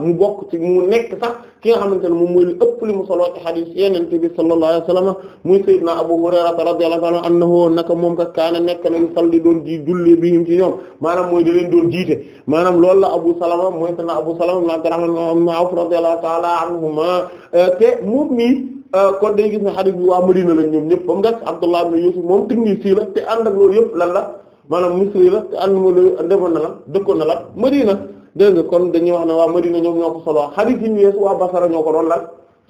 mu bokk ci mu nekk sax ki nga xamante ne moom Abu Hurayra radiyallahu ta'ala naka moom ka kaana nekk nañu salli doon ji julli bihim ci ñoom maanaam mooy da leen doon jiite maanaam loolu Abu Salama mooy Sayyidina Abu Salama ibn Abdurrahman ibn Awf radiyallahu ta'ala anhu ma euh, te moom mii euh, kon day gis ne xadis bi waa Madina la ñoom ñëpp ba mu des Abdullah ibn Yusuf moom technicien la te ànd ak loolu yëpp lan la a misri la te ànd ma demoon na la dëkkoon na la Madina dégg nga kon wax ne waa Madina ñoom ñoo ko solo xadis yi ñu yees waa Basra ñoo ko doon lan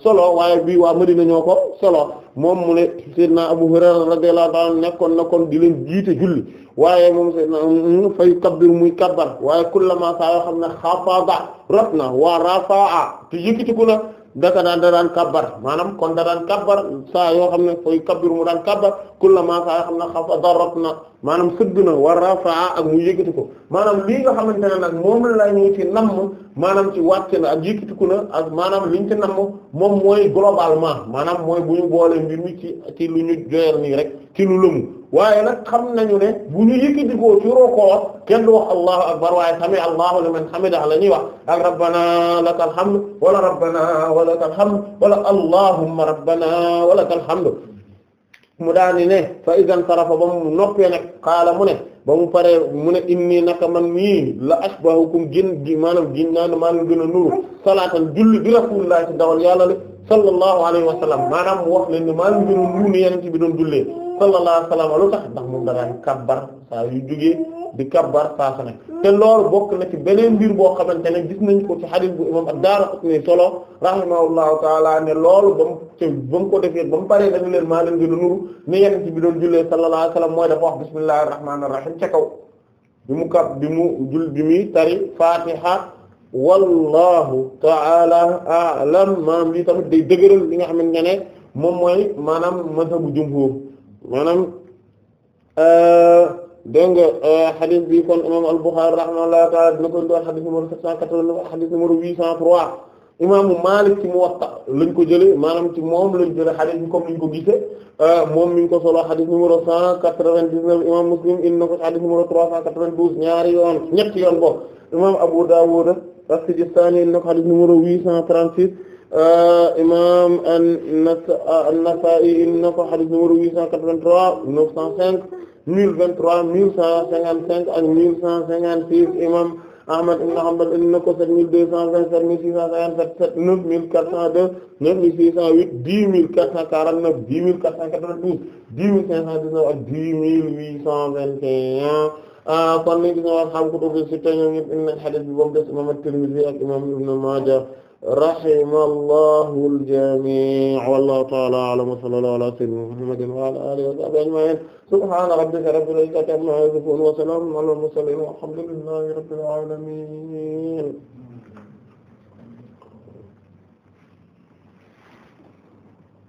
solo waaye bii waa Madina ñoo ko solo moom mu ne Seydina Abu Hurayra radiyallahu ta'ala nekkoon na kon di leen jiite julli waaye moom Seydina mm, fay kabbir muy kabbar waaye kullama saa yoo xam ne xafada rot na waa rafaa te yëkkatiku na daka daan da daan kabbar maanaam kon da daan kabbar saa yoo xam ne fooy kabbir mu daan kabbar kullama saa yoo xam ne xafa darot na maanaam sëgg na wa rafaa ak mu yëkkati ko maanaam lii nga xamante ne nag moom la ñu ci namm maanaam ci wàcc na ak yëkkatiku na ak maanaam liñ ci namm moom mooy globalement maanaam mooy bu ñu boolee mbir mi ci ci lu ñu joyal nii rek ci lu lëmu waaye nag xam nañu ne bu ñu yëkkandikoo ci rukoo kenn du wax allahu akbar waaye sami allahu liman hamidah la ñuy wa ak rabbana lakal hamd wala rabbana wa wala allahumma rabbana wa lakal hamd mu daani ne fa idan sarafa ba mu noppee nag xaala mu ne ba mu paree mu ne inni naka man mii la ashbahukum gin gi maanaam gin naan nuru salaatan julli bi rasulullah ci dawal yàlla le sallallahu alayhi wa sallam maanaam mu wax leen ne maa ngi gënoon nuyu ni ci bi doon jullee sallallahu alayhi wa sallam lu tax ndax moom da daan kabbar saa yu jógee di kabbar saa su nekk te loolu bokk na ci beneen mbir boo xamante ne gis nañ ko ci hadith bu imam ad-Daraqutni solo rahimahullahu taala ne loolu ba mu ci ba mu ko defee ba mu paree dañu leen maa leen a nuru ni yeneen ci bi doon jullee sallallahu alayhi wa sallam mooy dafa wax bismillahir rahmanir rahim bi bi mu jul bi muy wallahu ta'ala a'lam maanaam lii tamit day dëgëral li nga xamante ne moom mooy maanaam mazhabu jumhur maanaam euh, dégg nga xadis euh, bi kon imam al-Bukhari rahimahullahu ta'ala dina ko doon xadis numéro 789 xadis numéro 803 imaamu Maalik ci Muwatta lañ ko jëlee maanaam ci moom lañ jëlee xadis bi comme niñ ko gisee euh, moom mi ngi ko solo xadis numéro 199 imam Muslim indi na ko xadis numéro 392 ñaari yoon ñetti yoon bo imam Abu Dawud as-Sijistaani indi na ko xadis numéro 836 imaam an-Nasaa'i indi na ko xadis numéro 883 905 1023 1155 ak 1156 imaam Ahmad ibn Hanbal indi na ko 7227 1657 9402 9608 10449 10492 10519 ak 10821 Ah, kon ni gis nga wax xam kutubu sitta ñoom ñëpp indi nañu xadis bi ba mu des imam at-Tirmidhi ak imam Ibn Maaja rahimallahu al-jamii' wallahu ta'ala a'lam wa sallallahu ala sayyidina Muhammadin wa ala alihi wa sahbihi ajma'in subhana rabbika rabbil izzati amma yasifun wa salamun ala al-mursalin walhamdulillahi rabbil alamin